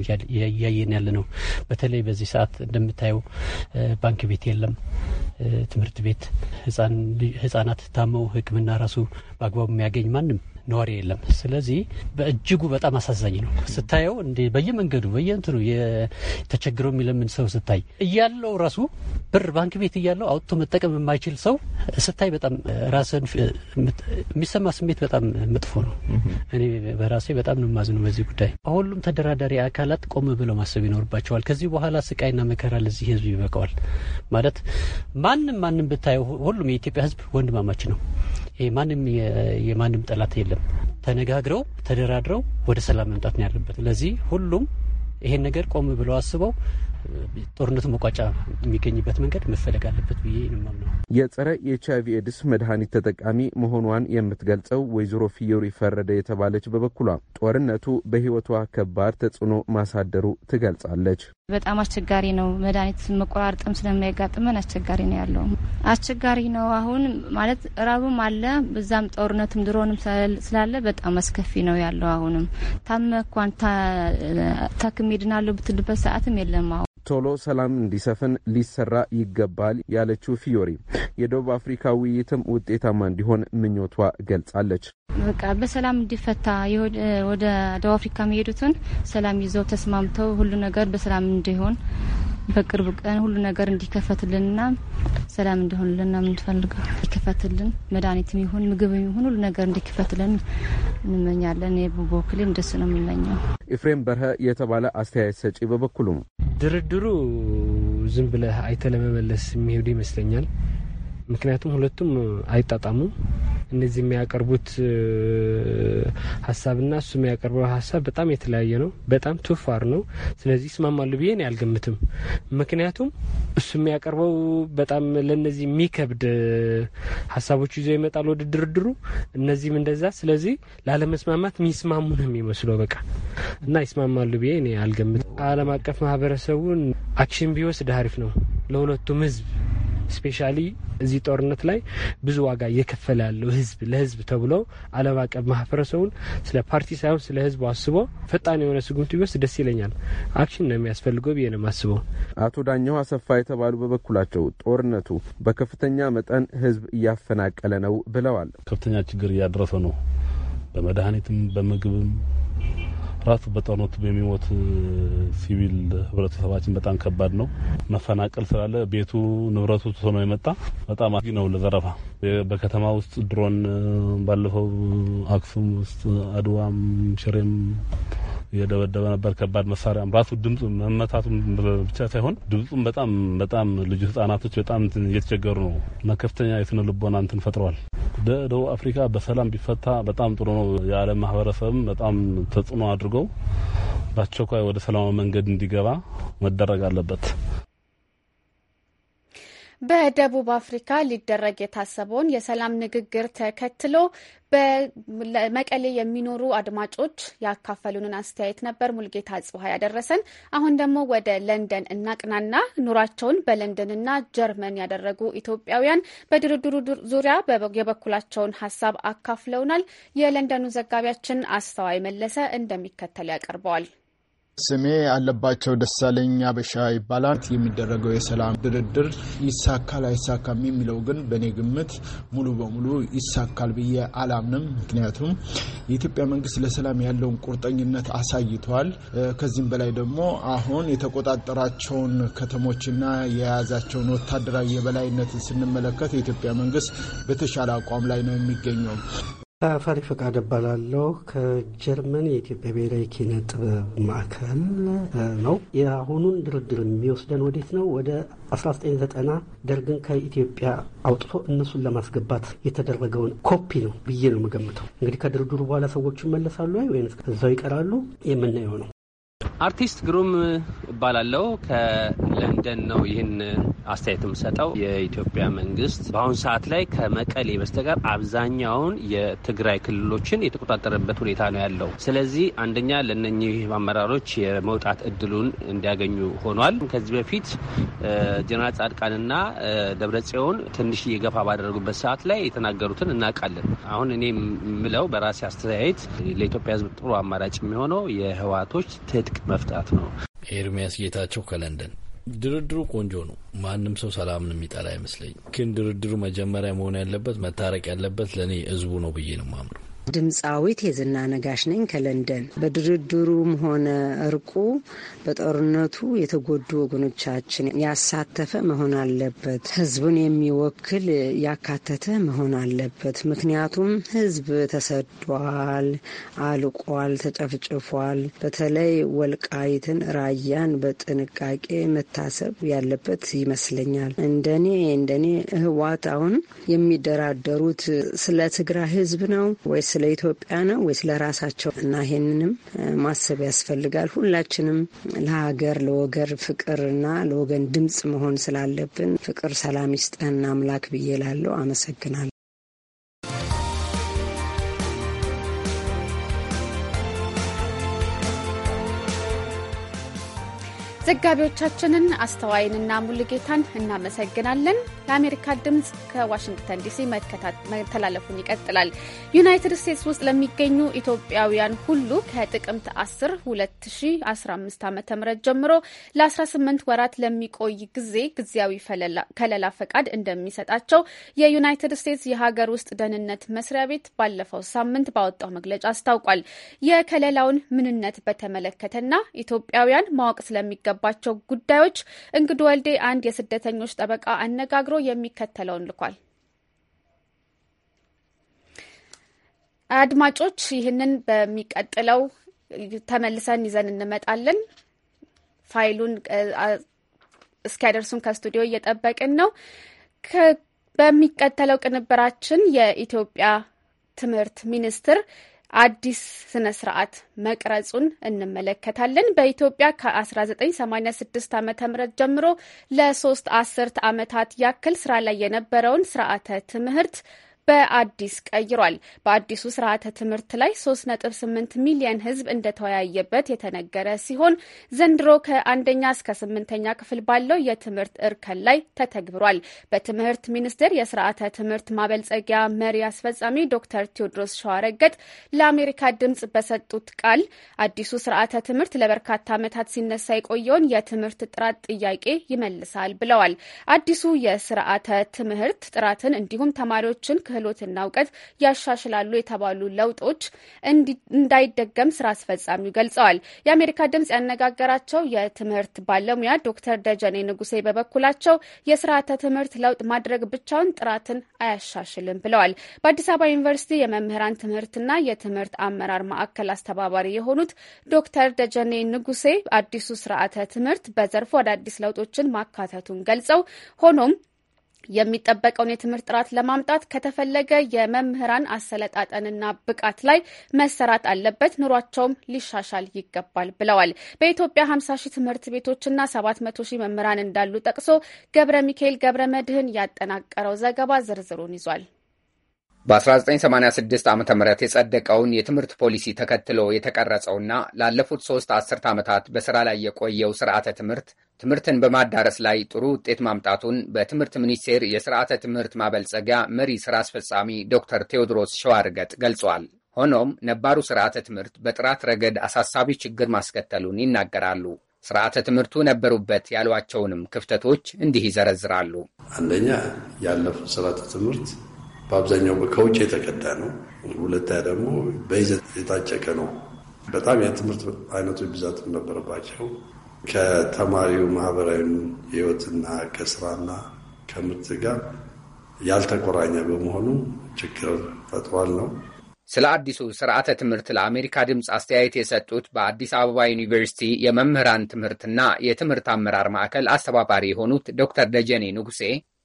እያየን ያለ ነው። በተለይ በዚህ ሰዓት እንደምታየው ባንክ ቤት የለም፣ ትምህርት ቤት ህጻናት ታመው ሕክምና ራሱ በአግባቡ የሚያገኝ ማንም ነዋሪ የለም። ስለዚህ በእጅጉ በጣም አሳዛኝ ነው። ስታየው እንደ በየመንገዱ በየእንትኑ የተቸግረው የሚለምን ሰው ስታይ እያለው ራሱ ብር ባንክ ቤት እያለው አውጥቶ መጠቀም የማይችል ሰው ስታይ በጣም ራስን የሚሰማ ስሜት በጣም መጥፎ ነው። እኔ በራሴ በጣም ነው የማዝነው በዚህ ጉዳይ። ሁሉም ተደራዳሪ አካላት ቆም ብለው ማሰብ ይኖርባቸዋል። ከዚህ በኋላ ስቃይና መከራ ለዚህ ህዝብ ይበቃዋል ማለት ማንም ማንም ብታየው ሁሉም የኢትዮጵያ ህዝብ ወንድማማች ነው። ማንም የማንም ጠላት የለም። ተነጋግረው ተደራድረው ወደ ሰላም መምጣት ነው ያለበት። ለዚህ ሁሉም ይሄን ነገር ቆም ብለው አስበው ጦርነቱ መቋጫ የሚገኝበት መንገድ መፈለግ አለበት ብዬ ነው። የጸረ ኤች አይቪ ኤድስ መድኃኒት ተጠቃሚ መሆኗን የምትገልጸው ወይዘሮ ፍየሩ ይፈረደ የተባለች በበኩሏ ጦርነቱ በሕይወቷ ከባድ ተጽዕኖ ማሳደሩ ትገልጻለች። በጣም አስቸጋሪ ነው። መድኃኒት መቆራርጥም ስለሚያጋጥመን አስቸጋሪ ነው ያለው አስቸጋሪ ነው። አሁን ማለት ራቡም አለ በዛም ጦርነትም ድሮንም ስላለ በጣም አስከፊ ነው ያለው። አሁንም ታመ እንኳን ታክሜ ድናለሁ ብትልበት ሰዓትም የለም። አሁን ቶሎ ሰላም እንዲሰፍን ሊሰራ ይገባል ያለችው ፊዮሪ የደቡብ አፍሪካ ውይይትም ውጤታማ እንዲሆን ምኞቷ ገልጻለች። በቃ በሰላም እንዲፈታ ወደ ደቡብ አፍሪካ የሚሄዱትን ሰላም ይዘው ተስማምተው ሁሉ ነገር በሰላም እንዲሆን በቅርብ ቀን ሁሉ ነገር እንዲከፈትልንና ሰላም እንዲሆንልን ነው የምንፈልገው። እንዲከፈትልን መድኃኒትም ይሁን ምግብም ይሁን ሁሉ ነገር እንዲከፈትልን እንመኛለን። በበኩሌ እንደሱ ነው የምመኘው። ኤፍሬም በርሀ የተባለ አስተያየት ሰጪ በበኩሉም ድርድሩ ዝም ብለህ አይተ ለመመለስ የሚሄዱ ይመስለኛል ምክንያቱም ሁለቱም አይጣጣሙም። እነዚህ የሚያቀርቡት ሀሳብና እሱ የሚያቀርበው ሀሳብ በጣም የተለያየ ነው። በጣም ቱፋር ነው። ስለዚህ ይስማማሉ ብዬ እኔ አልገምትም። ምክንያቱም እሱ የሚያቀርበው በጣም ለእነዚህ የሚከብድ ሀሳቦች ይዞ ይመጣል ወደ ድርድሩ፣ እነዚህም እንደዛ። ስለዚህ ላለመስማማት የሚስማሙ ነው የሚመስለው በቃ እና ይስማማሉ ብዬ እኔ አልገምትም። ዓለም አቀፍ ማህበረሰቡን አክሽን ቢወስድ አሪፍ ነው ለሁለቱም ህዝብ ስፔሻሊ እዚህ ጦርነት ላይ ብዙ ዋጋ እየከፈለ ያለው ህዝብ ለህዝብ ተብሎ ዓለም አቀፍ ማህበረሰቡን ስለ ፓርቲ ሳይሆን ስለ ህዝቡ አስቦ ፈጣን የሆነ ስጉምት ቢወስድ ደስ ይለኛል። አክሽን ነው የሚያስፈልገው ብዬ ነው የማስበው። አቶ ዳኛው አሰፋ የተባሉ በበኩላቸው ጦርነቱ በከፍተኛ መጠን ህዝብ እያፈናቀለ ነው ብለዋል። ከፍተኛ ችግር እያደረሰ ነው። በመድኃኒትም በምግብም መኩራት በጦርነቱ በሚሞት ሲቪል ህብረተሰባችን በጣም ከባድ ነው። መፈናቀል ስላለ ቤቱ ንብረቱ ትቶ ነው የመጣ። በጣም አስጊ ነው ለዘረፋ። በከተማ ውስጥ ድሮን ባለፈው አክሱም ውስጥ አድዋም ሽሬም እየደበደበ ነበር። ከባድ መሳሪያ ራሱ ድምፁ መመታቱ ብቻ ሳይሆን ድምፁም በጣም በጣም ልጁ ህጻናቶች በጣም እየተቸገሩ ነው እና ከፍተኛ የስነ ልቦና እንትን ፈጥረዋል። ደቡብ አፍሪካ በሰላም ቢፈታ በጣም ጥሩ ነው። የዓለም ማህበረሰብም በጣም ተጽዕኖ አድርገው በአስቸኳይ ወደ ሰላማዊ መንገድ እንዲገባ መደረግ አለበት። በደቡብ አፍሪካ ሊደረግ የታሰበውን የሰላም ንግግር ተከትሎ በመቀሌ የሚኖሩ አድማጮች ያካፈሉንን አስተያየት ነበር ሙልጌታ ጽሀ ያደረሰን። አሁን ደግሞ ወደ ለንደን እናቅናና ኑሯቸውን በለንደንና ጀርመን ያደረጉ ኢትዮጵያውያን በድርድሩ ዙሪያ የበኩላቸውን ሀሳብ አካፍለውናል። የለንደኑ ዘጋቢያችን አስተዋይ መለሰ እንደሚከተል ያቀርበዋል። ስሜ አለባቸው ደሳለኝ አበሻ ይባላል። የሚደረገው የሰላም ድርድር ይሳካል አይሳካም የሚለው ግን በእኔ ግምት ሙሉ በሙሉ ይሳካል ብዬ አላምንም። ምክንያቱም የኢትዮጵያ መንግስት ለሰላም ያለውን ቁርጠኝነት አሳይቷል። ከዚህም በላይ ደግሞ አሁን የተቆጣጠራቸውን ከተሞችና የያዛቸውን ወታደራዊ የበላይነትን ስንመለከት የኢትዮጵያ መንግስት በተሻለ አቋም ላይ ነው የሚገኘው። ፈሪ ፈቃድ እባላለሁ። ከጀርመን የኢትዮጵያ ብሔራዊ ኪነ ጥበብ ማዕከል ነው። የአሁኑን ድርድር የሚወስደን ወዴት ነው? ወደ 1990 ደርግን ከኢትዮጵያ አውጥቶ እነሱን ለማስገባት የተደረገውን ኮፒ ነው ብዬ ነው የምገምተው። እንግዲህ ከድርድሩ በኋላ ሰዎቹ ይመለሳሉ ወይ ወይንስ እዛው ይቀራሉ የምናየው ነው። አርቲስት ግሩም እባላለሁ። ከለንደን ነው ይህን አስተያየት የምሰጠው። የኢትዮጵያ መንግስት በአሁኑ ሰዓት ላይ ከመቀሌ በስተቀር አብዛኛውን የትግራይ ክልሎችን የተቆጣጠረበት ሁኔታ ነው ያለው። ስለዚህ አንደኛ ለነኚህ አመራሮች የመውጣት እድሉን እንዲያገኙ ሆኗል። ከዚህ በፊት ጀነራል ጻድቃንና ደብረጽዮን ትንሽ የገፋ ባደረጉበት ሰዓት ላይ የተናገሩትን እናውቃለን። አሁን እኔ ምለው በራሴ አስተያየት ለኢትዮጵያ ሕዝብ ጥሩ አማራጭ የሚሆነው የህወሓቶች ትጥቅ መፍታት ነው። ኤርሚያስ ጌታቸው ከለንደን ድርድሩ ቆንጆ ነው። ማንም ሰው ሰላምን የሚጠላ አይመስለኝም። ግን ድርድሩ መጀመሪያ መሆን ያለበት መታረቅ ያለበት ለእኔ ህዝቡ ነው ብዬ ነው ማምነው። ድምፃዊት የዝና ነጋሽ ነኝ ከለንደን። በድርድሩም ሆነ እርቁ በጦርነቱ የተጎዱ ወገኖቻችን ያሳተፈ መሆን አለበት። ህዝቡን የሚወክል ያካተተ መሆን አለበት። ምክንያቱም ህዝብ ተሰዷል፣ አልቋል፣ ተጨፍጭፏል። በተለይ ወልቃይትን፣ ራያን በጥንቃቄ መታሰብ ያለበት ይመስለኛል። እንደኔ እንደኔ ህዋት አሁን የሚደራደሩት ስለ ትግራይ ህዝብ ነው ወይስ ስለ ኢትዮጵያ ነው ወይ ስለ ራሳቸው? እና ይሄንንም ማሰብ ያስፈልጋል። ሁላችንም ለሀገር ለወገር ፍቅርና ለወገን ድምጽ መሆን ስላለብን ፍቅር ሰላም ይስጠን አምላክ ብዬ ላለው አመሰግናለሁ። ዘጋቢዎቻችንን አስተዋይንና ሙሉጌታን እናመሰግናለን። ለአሜሪካ ድምፅ ከዋሽንግተን ዲሲ መተላለፉን ይቀጥላል። ዩናይትድ ስቴትስ ውስጥ ለሚገኙ ኢትዮጵያውያን ሁሉ ከጥቅምት 10 2015 ዓ ም ጀምሮ ለ18 ወራት ለሚቆይ ጊዜ ጊዜያዊ ከለላ ፈቃድ እንደሚሰጣቸው የዩናይትድ ስቴትስ የሀገር ውስጥ ደህንነት መስሪያ ቤት ባለፈው ሳምንት ባወጣው መግለጫ አስታውቋል። የከለላውን ምንነት በተመለከተና ኢትዮጵያውያን ማወቅ ስለሚገባ ባለባቸው ጉዳዮች እንግዱ ወልዴ አንድ የስደተኞች ጠበቃ አነጋግሮ የሚከተለውን ልኳል። አድማጮች ይህንን በሚቀጥለው ተመልሰን ይዘን እንመጣለን። ፋይሉን እስኪያደርሱን ከስቱዲዮ እየጠበቅን ነው። በሚቀጥለው ቅንብራችን የኢትዮጵያ ትምህርት ሚኒስትር አዲስ ስነ ስርዓት መቅረጹን እንመለከታለን። በኢትዮጵያ ከ1986 ዓ ም ጀምሮ ለሶስት አስርት ዓመታት ያክል ስራ ላይ የነበረውን ስርዓተ ትምህርት በአዲስ ቀይሯል። በአዲሱ ስርዓተ ትምህርት ላይ 3.8 ሚሊየን ህዝብ እንደተወያየበት የተነገረ ሲሆን ዘንድሮ ከአንደኛ እስከ ስምንተኛ ክፍል ባለው የትምህርት እርከን ላይ ተተግብሯል። በትምህርት ሚኒስቴር የስርዓተ ትምህርት ማበልጸጊያ መሪ አስፈጻሚ ዶክተር ቴዎድሮስ ሸዋረገጥ ለአሜሪካ ድምጽ በሰጡት ቃል አዲሱ ስርዓተ ትምህርት ለበርካታ ዓመታት ሲነሳ የቆየውን የትምህርት ጥራት ጥያቄ ይመልሳል ብለዋል። አዲሱ የስርዓተ ትምህርት ጥራትን እንዲሁም ተማሪዎችን ክህሎትና እውቀት ያሻሽላሉ የተባሉ ለውጦች እንዳይደገም ስራ አስፈጻሚው ገልጸዋል። የአሜሪካ ድምጽ ያነጋገራቸው የትምህርት ባለሙያ ዶክተር ደጀኔ ንጉሴ በበኩላቸው የስርዓተ ትምህርት ለውጥ ማድረግ ብቻውን ጥራትን አያሻሽልም ብለዋል። በአዲስ አበባ ዩኒቨርሲቲ የመምህራን ትምህርትና የትምህርት አመራር ማዕከል አስተባባሪ የሆኑት ዶክተር ደጀኔ ንጉሴ አዲሱ ስርዓተ ትምህርት በዘርፉ አዳዲስ ለውጦችን ማካተቱን ገልጸው ሆኖም የሚጠበቀውን የትምህርት ጥራት ለማምጣት ከተፈለገ የመምህራን አሰለጣጠንና ብቃት ላይ መሰራት አለበት፣ ኑሯቸውም ሊሻሻል ይገባል ብለዋል። በኢትዮጵያ 50 ሺህ ትምህርት ቤቶችና 700 ሺህ መምህራን እንዳሉ ጠቅሶ ገብረ ሚካኤል ገብረ መድህን ያጠናቀረው ዘገባ ዝርዝሩን ይዟል። በ1986 ዓ ም የጸደቀውን የትምህርት ፖሊሲ ተከትሎ የተቀረጸውና ላለፉት ሶስት አስርት ዓመታት በሥራ ላይ የቆየው ስርዓተ ትምህርት ትምህርትን በማዳረስ ላይ ጥሩ ውጤት ማምጣቱን በትምህርት ሚኒስቴር የስርዓተ ትምህርት ማበልጸጊያ መሪ ስራ አስፈጻሚ ዶክተር ቴዎድሮስ ሸዋርገጥ ገልጿል። ሆኖም ነባሩ ስርዓተ ትምህርት በጥራት ረገድ አሳሳቢ ችግር ማስከተሉን ይናገራሉ። ስርዓተ ትምህርቱ ነበሩበት ያሏቸውንም ክፍተቶች እንዲህ ይዘረዝራሉ። አንደኛ ያለፈው ስርዓተ ትምህርት በአብዛኛው ከውጭ የተቀዳ ነው። ሁለተኛ ደግሞ በይዘት የታጨቀ ነው። በጣም የትምህርት አይነቶች ብዛትም ነበረባቸው። ከተማሪው ማህበራዊ ህይወትና ከስራና ከምርት ጋር ያልተቆራኘ በመሆኑ ችግር ፈጥሯል ነው። ስለ አዲሱ ስርዓተ ትምህርት ለአሜሪካ ድምፅ አስተያየት የሰጡት በአዲስ አበባ ዩኒቨርሲቲ የመምህራን ትምህርትና የትምህርት አመራር ማዕከል አስተባባሪ የሆኑት ዶክተር ደጀኔ ንጉሴ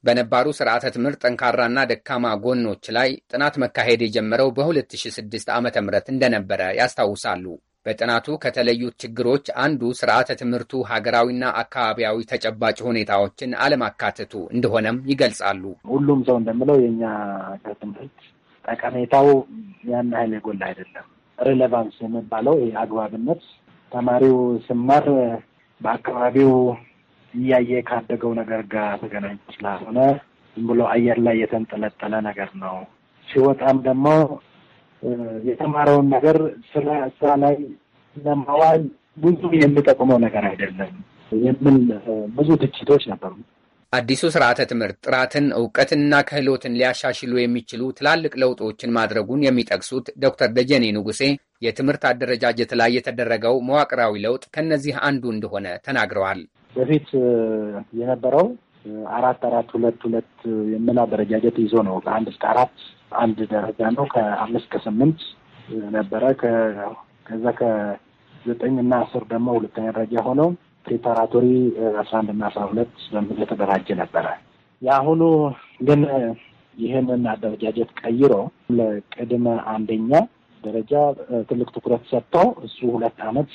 በነባሩ ስርዓተ ትምህርት ጠንካራና ደካማ ጎኖች ላይ ጥናት መካሄድ የጀመረው በ2006 ዓ ም እንደነበረ ያስታውሳሉ። በጥናቱ ከተለዩት ችግሮች አንዱ ስርዓተ ትምህርቱ ሀገራዊና አካባቢያዊ ተጨባጭ ሁኔታዎችን አለማካተቱ እንደሆነም ይገልጻሉ። ሁሉም ሰው እንደምለው የእኛ ትምህርት ጠቀሜታው ያን ያህል የጎላ አይደለም። ሬሌቫንስ የሚባለው ይህ አግባብነት ተማሪው ስማር በአካባቢው እያየ ካደገው ነገር ጋር ተገናኝ ስላልሆነ ዝም ብሎ አየር ላይ የተንጠለጠለ ነገር ነው። ሲወጣም ደግሞ የተማረውን ነገር ስራ ስራ ላይ ለማዋል ብዙ የሚጠቅመው ነገር አይደለም የሚል ብዙ ትችቶች ነበሩ። አዲሱ ስርዓተ ትምህርት ጥራትን እውቀትንና ክህሎትን ሊያሻሽሉ የሚችሉ ትላልቅ ለውጦችን ማድረጉን የሚጠቅሱት ዶክተር ደጀኔ ንጉሴ የትምህርት አደረጃጀት ላይ የተደረገው መዋቅራዊ ለውጥ ከነዚህ አንዱ እንደሆነ ተናግረዋል። በፊት የነበረው አራት አራት ሁለት ሁለት የሚል አደረጃጀት ይዞ ነው ከአንድ እስከ አራት አንድ ደረጃ ነው። ከአምስት ከስምንት ነበረ። ከዛ ከዘጠኝ እና አስር ደግሞ ሁለተኛ ደረጃ ሆነው ፕሬፓራቶሪ አስራ አንድ እና አስራ ሁለት በሚል የተደራጀ ነበረ። የአሁኑ ግን ይህንን አደረጃጀት ቀይሮ ለቅድመ አንደኛ ደረጃ ትልቅ ትኩረት ሰጥተው እሱ ሁለት አመት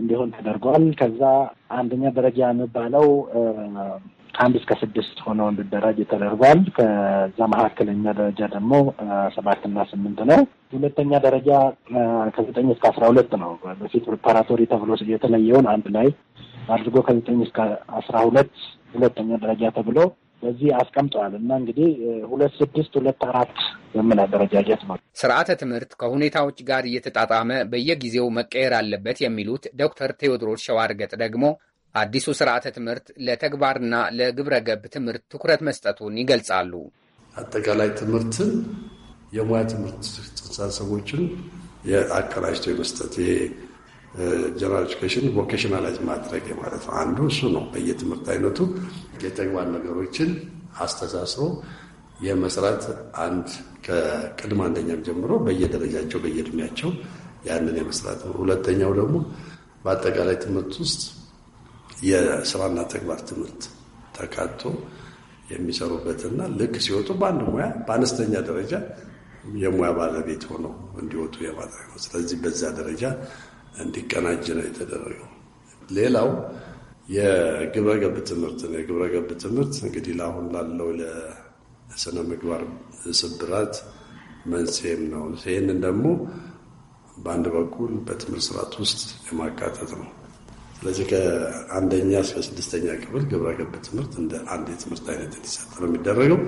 እንዲሆን ተደርጓል። ከዛ አንደኛ ደረጃ የሚባለው ከአንድ እስከ ስድስት ሆነው እንዲደራጅ ተደርጓል። ከዛ መካከለኛ ደረጃ ደግሞ ሰባትና ስምንት ነው። ሁለተኛ ደረጃ ከዘጠኝ እስከ አስራ ሁለት ነው። በፊት ፕሪፓራቶሪ ተብሎ የተለየውን አንድ ላይ አድርጎ ከዘጠኝ እስከ አስራ ሁለት ሁለተኛ ደረጃ ተብሎ በዚህ አስቀምጠዋል እና እንግዲህ ሁለት ስድስት ሁለት አራት የምን አደረጃጀት ነው። ስርዓተ ትምህርት ከሁኔታዎች ጋር እየተጣጣመ በየጊዜው መቀየር አለበት የሚሉት ዶክተር ቴዎድሮስ ሸዋርገጥ ደግሞ አዲሱ ስርዓተ ትምህርት ለተግባርና ለግብረ ገብ ትምህርት ትኩረት መስጠቱን ይገልጻሉ። አጠቃላይ ትምህርትን የሙያ ትምህርት ጽንሰ ሀሳቦችን አቀናጅቶ የመስጠት ይሄ ጀነራል ኤጁኬሽን ቮኬሽናላይዝ ማድረግ ማለት ነው። አንዱ እሱ ነው። በየትምህርት አይነቱ የተግባር ነገሮችን አስተሳስሮ የመስራት አንድ ከቅድመ አንደኛም ጀምሮ በየደረጃቸው በየእድሜያቸው ያንን የመስራት ነው። ሁለተኛው ደግሞ በአጠቃላይ ትምህርት ውስጥ የስራና ተግባር ትምህርት ተካቶ የሚሰሩበትና ልክ ሲወጡ በአንድ ሙያ በአነስተኛ ደረጃ የሙያ ባለቤት ሆነው እንዲወጡ የማድረግ ነው። ስለዚህ በዛ ደረጃ እንዲቀናጅ ነው የተደረገው። ሌላው የግብረገብ ትምህርት ነው። የግብረገብ ትምህርት እንግዲህ ለአሁን ላለው ለስነ ምግባር ስብራት መንስኤም ነው። ይህንን ደግሞ በአንድ በኩል በትምህርት ስርዓት ውስጥ የማካተት ነው። ስለዚህ ከአንደኛ እስከ ስድስተኛ ክፍል ግብረ ገብ ትምህርት እንደ አንድ የትምህርት አይነት እንዲሰጥ ነው የሚደረገው።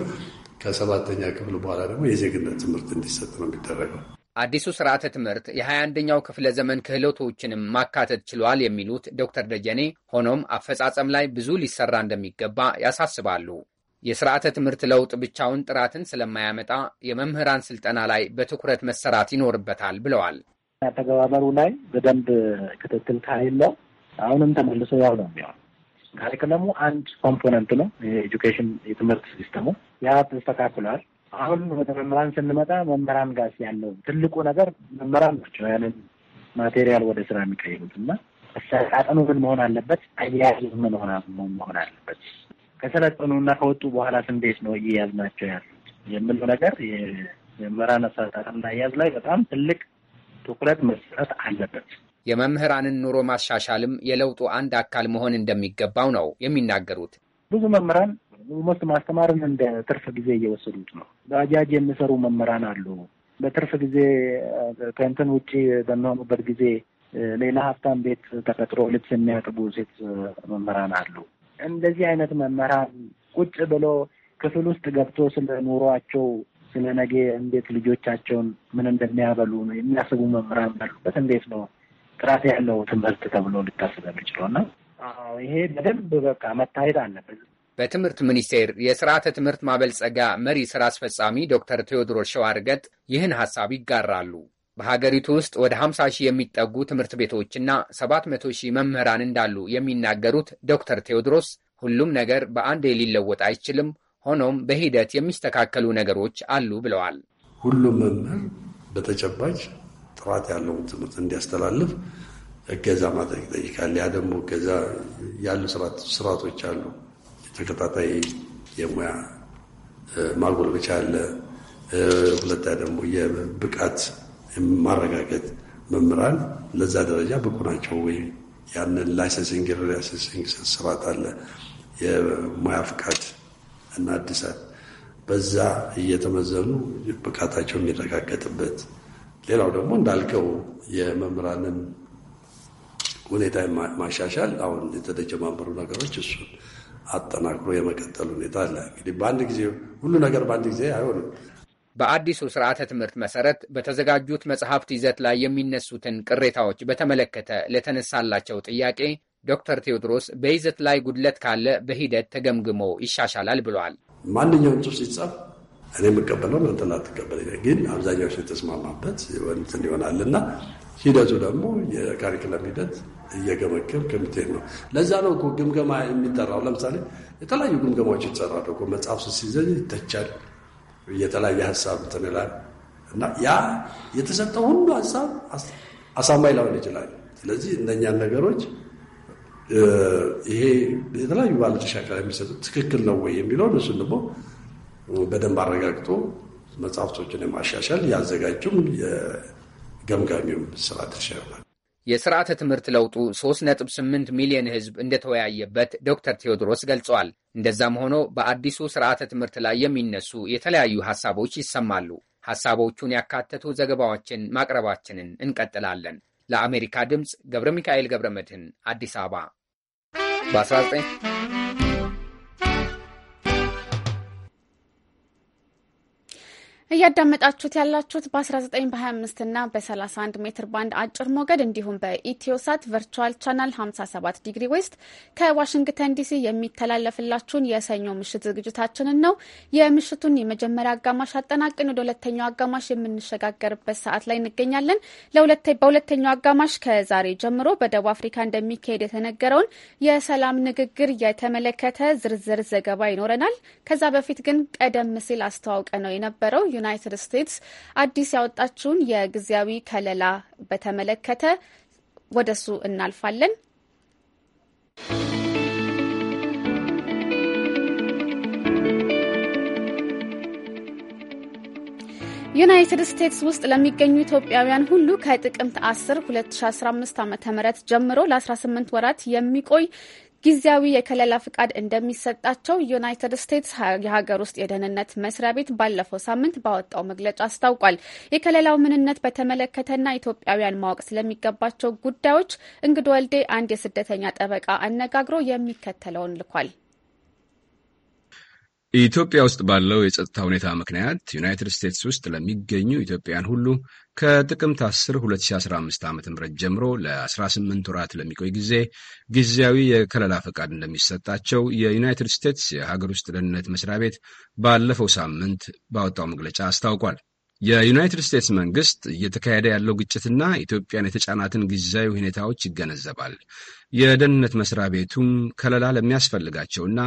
ከሰባተኛ ክፍል በኋላ ደግሞ የዜግነት ትምህርት እንዲሰጥ ነው የሚደረገው። አዲሱ ስርዓተ ትምህርት የ21ኛው ክፍለ ዘመን ክህሎቶችንም ማካተት ችሏል የሚሉት ዶክተር ደጀኔ ሆኖም አፈጻጸም ላይ ብዙ ሊሰራ እንደሚገባ ያሳስባሉ። የስርዓተ ትምህርት ለውጥ ብቻውን ጥራትን ስለማያመጣ የመምህራን ስልጠና ላይ በትኩረት መሰራት ይኖርበታል ብለዋል። አተገባበሩ ላይ በደንብ ክትትል ካይለው አሁንም ተመልሶ ያው ነው የሚሆን። ካሪክለሙ አንድ ኮምፖነንት ነው የኤጁኬሽን የትምህርት ሲስተሙ ያ ተስተካክሏል። አሁን ወደ መምህራን ስንመጣ መምህራን ጋር ያለው ትልቁ ነገር መምህራን ናቸው ያንን ማቴሪያል ወደ ስራ የሚቀይሩት እና አሰለጣጠኑ ምን መሆን አለበት? አያያዝ ምን መሆን አለበት? ከሰለጠኑ ከሰለጠኑና ከወጡ በኋላ ስንዴት ነው ናቸው ያሉት የምለው ነገር የመምህራን አሰለጣጠንና አያያዝ ላይ በጣም ትልቅ ትኩረት መስጠት አለበት። የመምህራንን ኑሮ ማሻሻልም የለውጡ አንድ አካል መሆን እንደሚገባው ነው የሚናገሩት። ብዙ መምህራን ሞስት ማስተማርን እንደ ትርፍ ጊዜ እየወሰዱት ነው። በአጃጅ የሚሰሩ መምህራን አሉ። በትርፍ ጊዜ ከእንትን ውጭ በሚሆኑበት ጊዜ ሌላ ሀብታም ቤት ተቀጥሮ ልብስ የሚያጥቡ ሴት መምህራን አሉ። እንደዚህ አይነት መምህራን ቁጭ ብሎ ክፍል ውስጥ ገብቶ ስለ ኑሯቸው ስለ ነገ እንዴት ልጆቻቸውን ምን እንደሚያበሉ የሚያስቡ መምህራን ባሉበት እንዴት ነው ጥራት ያለው ትምህርት ተብሎ ሊታሰብ የሚችለው እና ይሄ በደንብ በቃ መታየት አለብን። በትምህርት ሚኒስቴር የስርዓተ ትምህርት ማበልጸጋ መሪ ስራ አስፈጻሚ ዶክተር ቴዎድሮስ ሸዋርገጥ ይህን ሀሳብ ይጋራሉ። በሀገሪቱ ውስጥ ወደ 50 ሺህ የሚጠጉ ትምህርት ቤቶችና 700 ሺህ መምህራን እንዳሉ የሚናገሩት ዶክተር ቴዎድሮስ ሁሉም ነገር በአንድ ሊለወጥ አይችልም፣ ሆኖም በሂደት የሚስተካከሉ ነገሮች አሉ ብለዋል። ሁሉም መምህር በተጨባጭ ጥራት ያለውን ትምህርት እንዲያስተላልፍ እገዛ ማድረግ ይጠይቃል። ያ ደግሞ እገዛ ያሉ ስርዓቶች አሉ። ተከታታይ የሙያ ማጎልበቻ አለ። ሁለታ ደግሞ የብቃት ማረጋገጥ መምህራን ለዛ ደረጃ ብቁ ናቸው ወይ ያንን ላይሰንሲንግ ላይሰንሲንግ ስርዓት አለ። የሙያ ፍቃድ እና አዲሳት በዛ እየተመዘኑ ብቃታቸው የሚረጋገጥበት ሌላው ደግሞ እንዳልከው የመምህራንን ሁኔታ ማሻሻል አሁን የተጀማመሩ ነገሮች እሱን አጠናክሮ የመቀጠል ሁኔታ አለ። እንግዲህ በአንድ ጊዜ ሁሉ ነገር በአንድ ጊዜ አይሆንም። በአዲሱ ስርዓተ ትምህርት መሰረት በተዘጋጁት መጽሐፍት ይዘት ላይ የሚነሱትን ቅሬታዎች በተመለከተ ለተነሳላቸው ጥያቄ ዶክተር ቴዎድሮስ በይዘት ላይ ጉድለት ካለ በሂደት ተገምግሞ ይሻሻላል ብለዋል። ማንኛውም ጽሑፍ ሲጻፍ እኔ የምቀበለው እናንተ ላትቀበል፣ ግን አብዛኛዎች የተስማማበት እንትን ይሆናል እና ሂደቱ ደግሞ የካሪክለም ሂደት እየገመገም ከምትሄድ ነው። ለዛ ነው እኮ ግምገማ የሚጠራው። ለምሳሌ የተለያዩ ግምገማዎች ይጠራሉ እኮ መጽሐፍ ስ ሲዘኝ ይተቻል፣ የተለያየ ሀሳብ እንትን ይላል እና ያ የተሰጠው ሁሉ ሀሳብ አሳማኝ ላሆን ይችላል። ስለዚህ እነኛን ነገሮች ይሄ የተለያዩ ባለድርሻ አካላት የሚሰጡት ትክክል ነው ወይ የሚለውን እሱን ደግሞ በደንብ አረጋግጦ መጽሐፍቶችን የማሻሻል ያዘጋጁም የገምጋሚውም ስራ ድርሻ ይሆናል። የስርዓተ ትምህርት ለውጡ 3.8 ሚሊዮን ሕዝብ እንደተወያየበት ዶክተር ቴዎድሮስ ገልጸዋል። እንደዛም ሆኖ በአዲሱ ስርዓተ ትምህርት ላይ የሚነሱ የተለያዩ ሐሳቦች ይሰማሉ። ሐሳቦቹን ያካተቱ ዘገባዎችን ማቅረባችንን እንቀጥላለን። ለአሜሪካ ድምፅ ገብረ ሚካኤል ገብረ መድህን አዲስ አበባ በ19 እያዳመጣችሁት ያላችሁት በ19 በ25 እና በ31 ሜትር ባንድ አጭር ሞገድ እንዲሁም በኢትዮሳት ቨርቹዋል ቻናል 57 ዲግሪ ዌስት ከዋሽንግተን ዲሲ የሚተላለፍላችሁን የሰኞ ምሽት ዝግጅታችንን ነው። የምሽቱን የመጀመሪያ አጋማሽ አጠናቅን ወደ ሁለተኛው አጋማሽ የምንሸጋገርበት ሰዓት ላይ እንገኛለን። በሁለተኛው አጋማሽ ከዛሬ ጀምሮ በደቡብ አፍሪካ እንደሚካሄድ የተነገረውን የሰላም ንግግር የተመለከተ ዝርዝር ዘገባ ይኖረናል። ከዛ በፊት ግን ቀደም ሲል አስተዋውቀ ነው የነበረው ዩናይትድ ስቴትስ አዲስ ያወጣችውን የጊዜያዊ ከለላ በተመለከተ ወደሱ እናልፋለን። ዩናይትድ ስቴትስ ውስጥ ለሚገኙ ኢትዮጵያውያን ሁሉ ከጥቅምት 10 2015 ዓ ም ጀምሮ ለ18 ወራት የሚቆይ ጊዜያዊ የከለላ ፍቃድ እንደሚሰጣቸው ዩናይትድ ስቴትስ የሀገር ውስጥ የደህንነት መስሪያ ቤት ባለፈው ሳምንት ባወጣው መግለጫ አስታውቋል። የከለላው ምንነት በተመለከተና ኢትዮጵያውያን ማወቅ ስለሚገባቸው ጉዳዮች እንግድ ወልዴ አንድ የስደተኛ ጠበቃ አነጋግሮ የሚከተለውን ልኳል። ኢትዮጵያ ውስጥ ባለው የጸጥታ ሁኔታ ምክንያት ዩናይትድ ስቴትስ ውስጥ ለሚገኙ ኢትዮጵያውያን ሁሉ ከጥቅምት 10 2015 ዓ ም ጀምሮ ለ18 ወራት ለሚቆይ ጊዜ ጊዜያዊ የከለላ ፈቃድ እንደሚሰጣቸው የዩናይትድ ስቴትስ የሀገር ውስጥ ደህንነት መስሪያ ቤት ባለፈው ሳምንት ባወጣው መግለጫ አስታውቋል። የዩናይትድ ስቴትስ መንግስት እየተካሄደ ያለው ግጭትና ኢትዮጵያን የተጫናትን ጊዜያዊ ሁኔታዎች ይገነዘባል። የደህንነት መስሪያ ቤቱም ከለላ ለሚያስፈልጋቸውና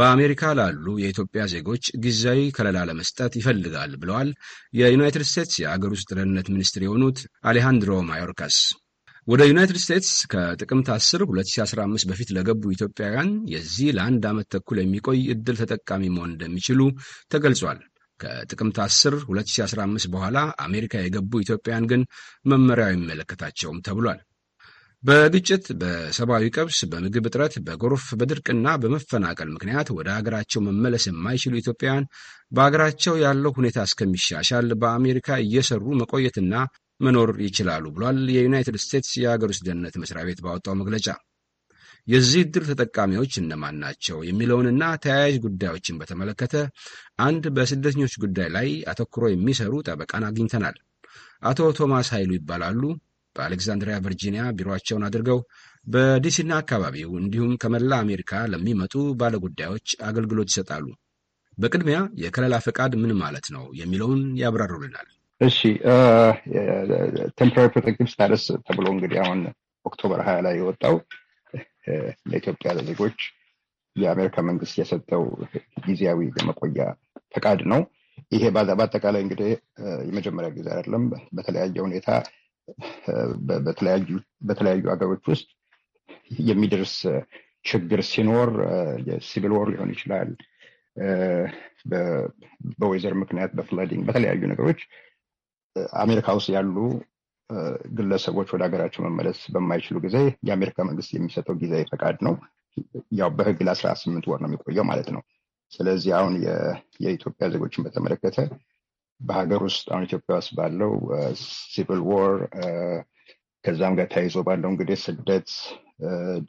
በአሜሪካ ላሉ የኢትዮጵያ ዜጎች ጊዜያዊ ከለላ ለመስጠት ይፈልጋል ብለዋል የዩናይትድ ስቴትስ የአገር ውስጥ ደህንነት ሚኒስትር የሆኑት አሌሃንድሮ ማዮርካስ። ወደ ዩናይትድ ስቴትስ ከጥቅምት 10 2015 በፊት ለገቡ ኢትዮጵያውያን የዚህ ለአንድ ዓመት ተኩል የሚቆይ እድል ተጠቃሚ መሆን እንደሚችሉ ተገልጿል። ከጥቅምት 10 2015 በኋላ አሜሪካ የገቡ ኢትዮጵያን ግን መመሪያው የሚመለከታቸውም ተብሏል። በግጭት፣ በሰብአዊ ቀብስ፣ በምግብ እጥረት፣ በጎርፍ፣ በድርቅና በመፈናቀል ምክንያት ወደ ሀገራቸው መመለስ የማይችሉ ኢትዮጵያውያን በአገራቸው ያለው ሁኔታ እስከሚሻሻል በአሜሪካ እየሰሩ መቆየትና መኖር ይችላሉ ብሏል የዩናይትድ ስቴትስ የሀገር ውስጥ ደህንነት መስሪያ ቤት ባወጣው መግለጫ። የዚህ ዕድል ተጠቃሚዎች እነማን ናቸው የሚለውንና ተያያዥ ጉዳዮችን በተመለከተ አንድ በስደተኞች ጉዳይ ላይ አተኩሮ የሚሰሩ ጠበቃን አግኝተናል። አቶ ቶማስ ኃይሉ ይባላሉ። በአሌክዛንድሪያ ቨርጂኒያ ቢሮቸውን አድርገው በዲሲና አካባቢው እንዲሁም ከመላ አሜሪካ ለሚመጡ ባለጉዳዮች አገልግሎት ይሰጣሉ። በቅድሚያ የከለላ ፈቃድ ምን ማለት ነው የሚለውን ያብራሩልናል። እሺ ቴምፖራሪ ፕሮቴክቲቭ ስታተስ ተብሎ እንግዲህ አሁን ኦክቶበር ሀያ ላይ የወጣው ለኢትዮጵያ ዜጎች የአሜሪካ መንግስት የሰጠው ጊዜያዊ የመቆያ ፈቃድ ነው። ይሄ በአጠቃላይ እንግዲህ የመጀመሪያ ጊዜ አይደለም። በተለያየ ሁኔታ በተለያዩ ሀገሮች ውስጥ የሚደርስ ችግር ሲኖር የሲቪል ወር ሊሆን ይችላል፣ በወይዘር ምክንያት፣ በፍላዲንግ በተለያዩ ነገሮች አሜሪካ ውስጥ ያሉ ግለሰቦች ወደ ሀገራቸው መመለስ በማይችሉ ጊዜ የአሜሪካ መንግስት የሚሰጠው ጊዜ ፈቃድ ነው። ያው በህግ ለአስራ ስምንት ወር ነው የሚቆየው ማለት ነው። ስለዚህ አሁን የኢትዮጵያ ዜጎችን በተመለከተ በሀገር ውስጥ አሁን ኢትዮጵያ ውስጥ ባለው ሲቪል ዎር ከዛም ጋር ተያይዞ ባለው እንግዲህ ስደት፣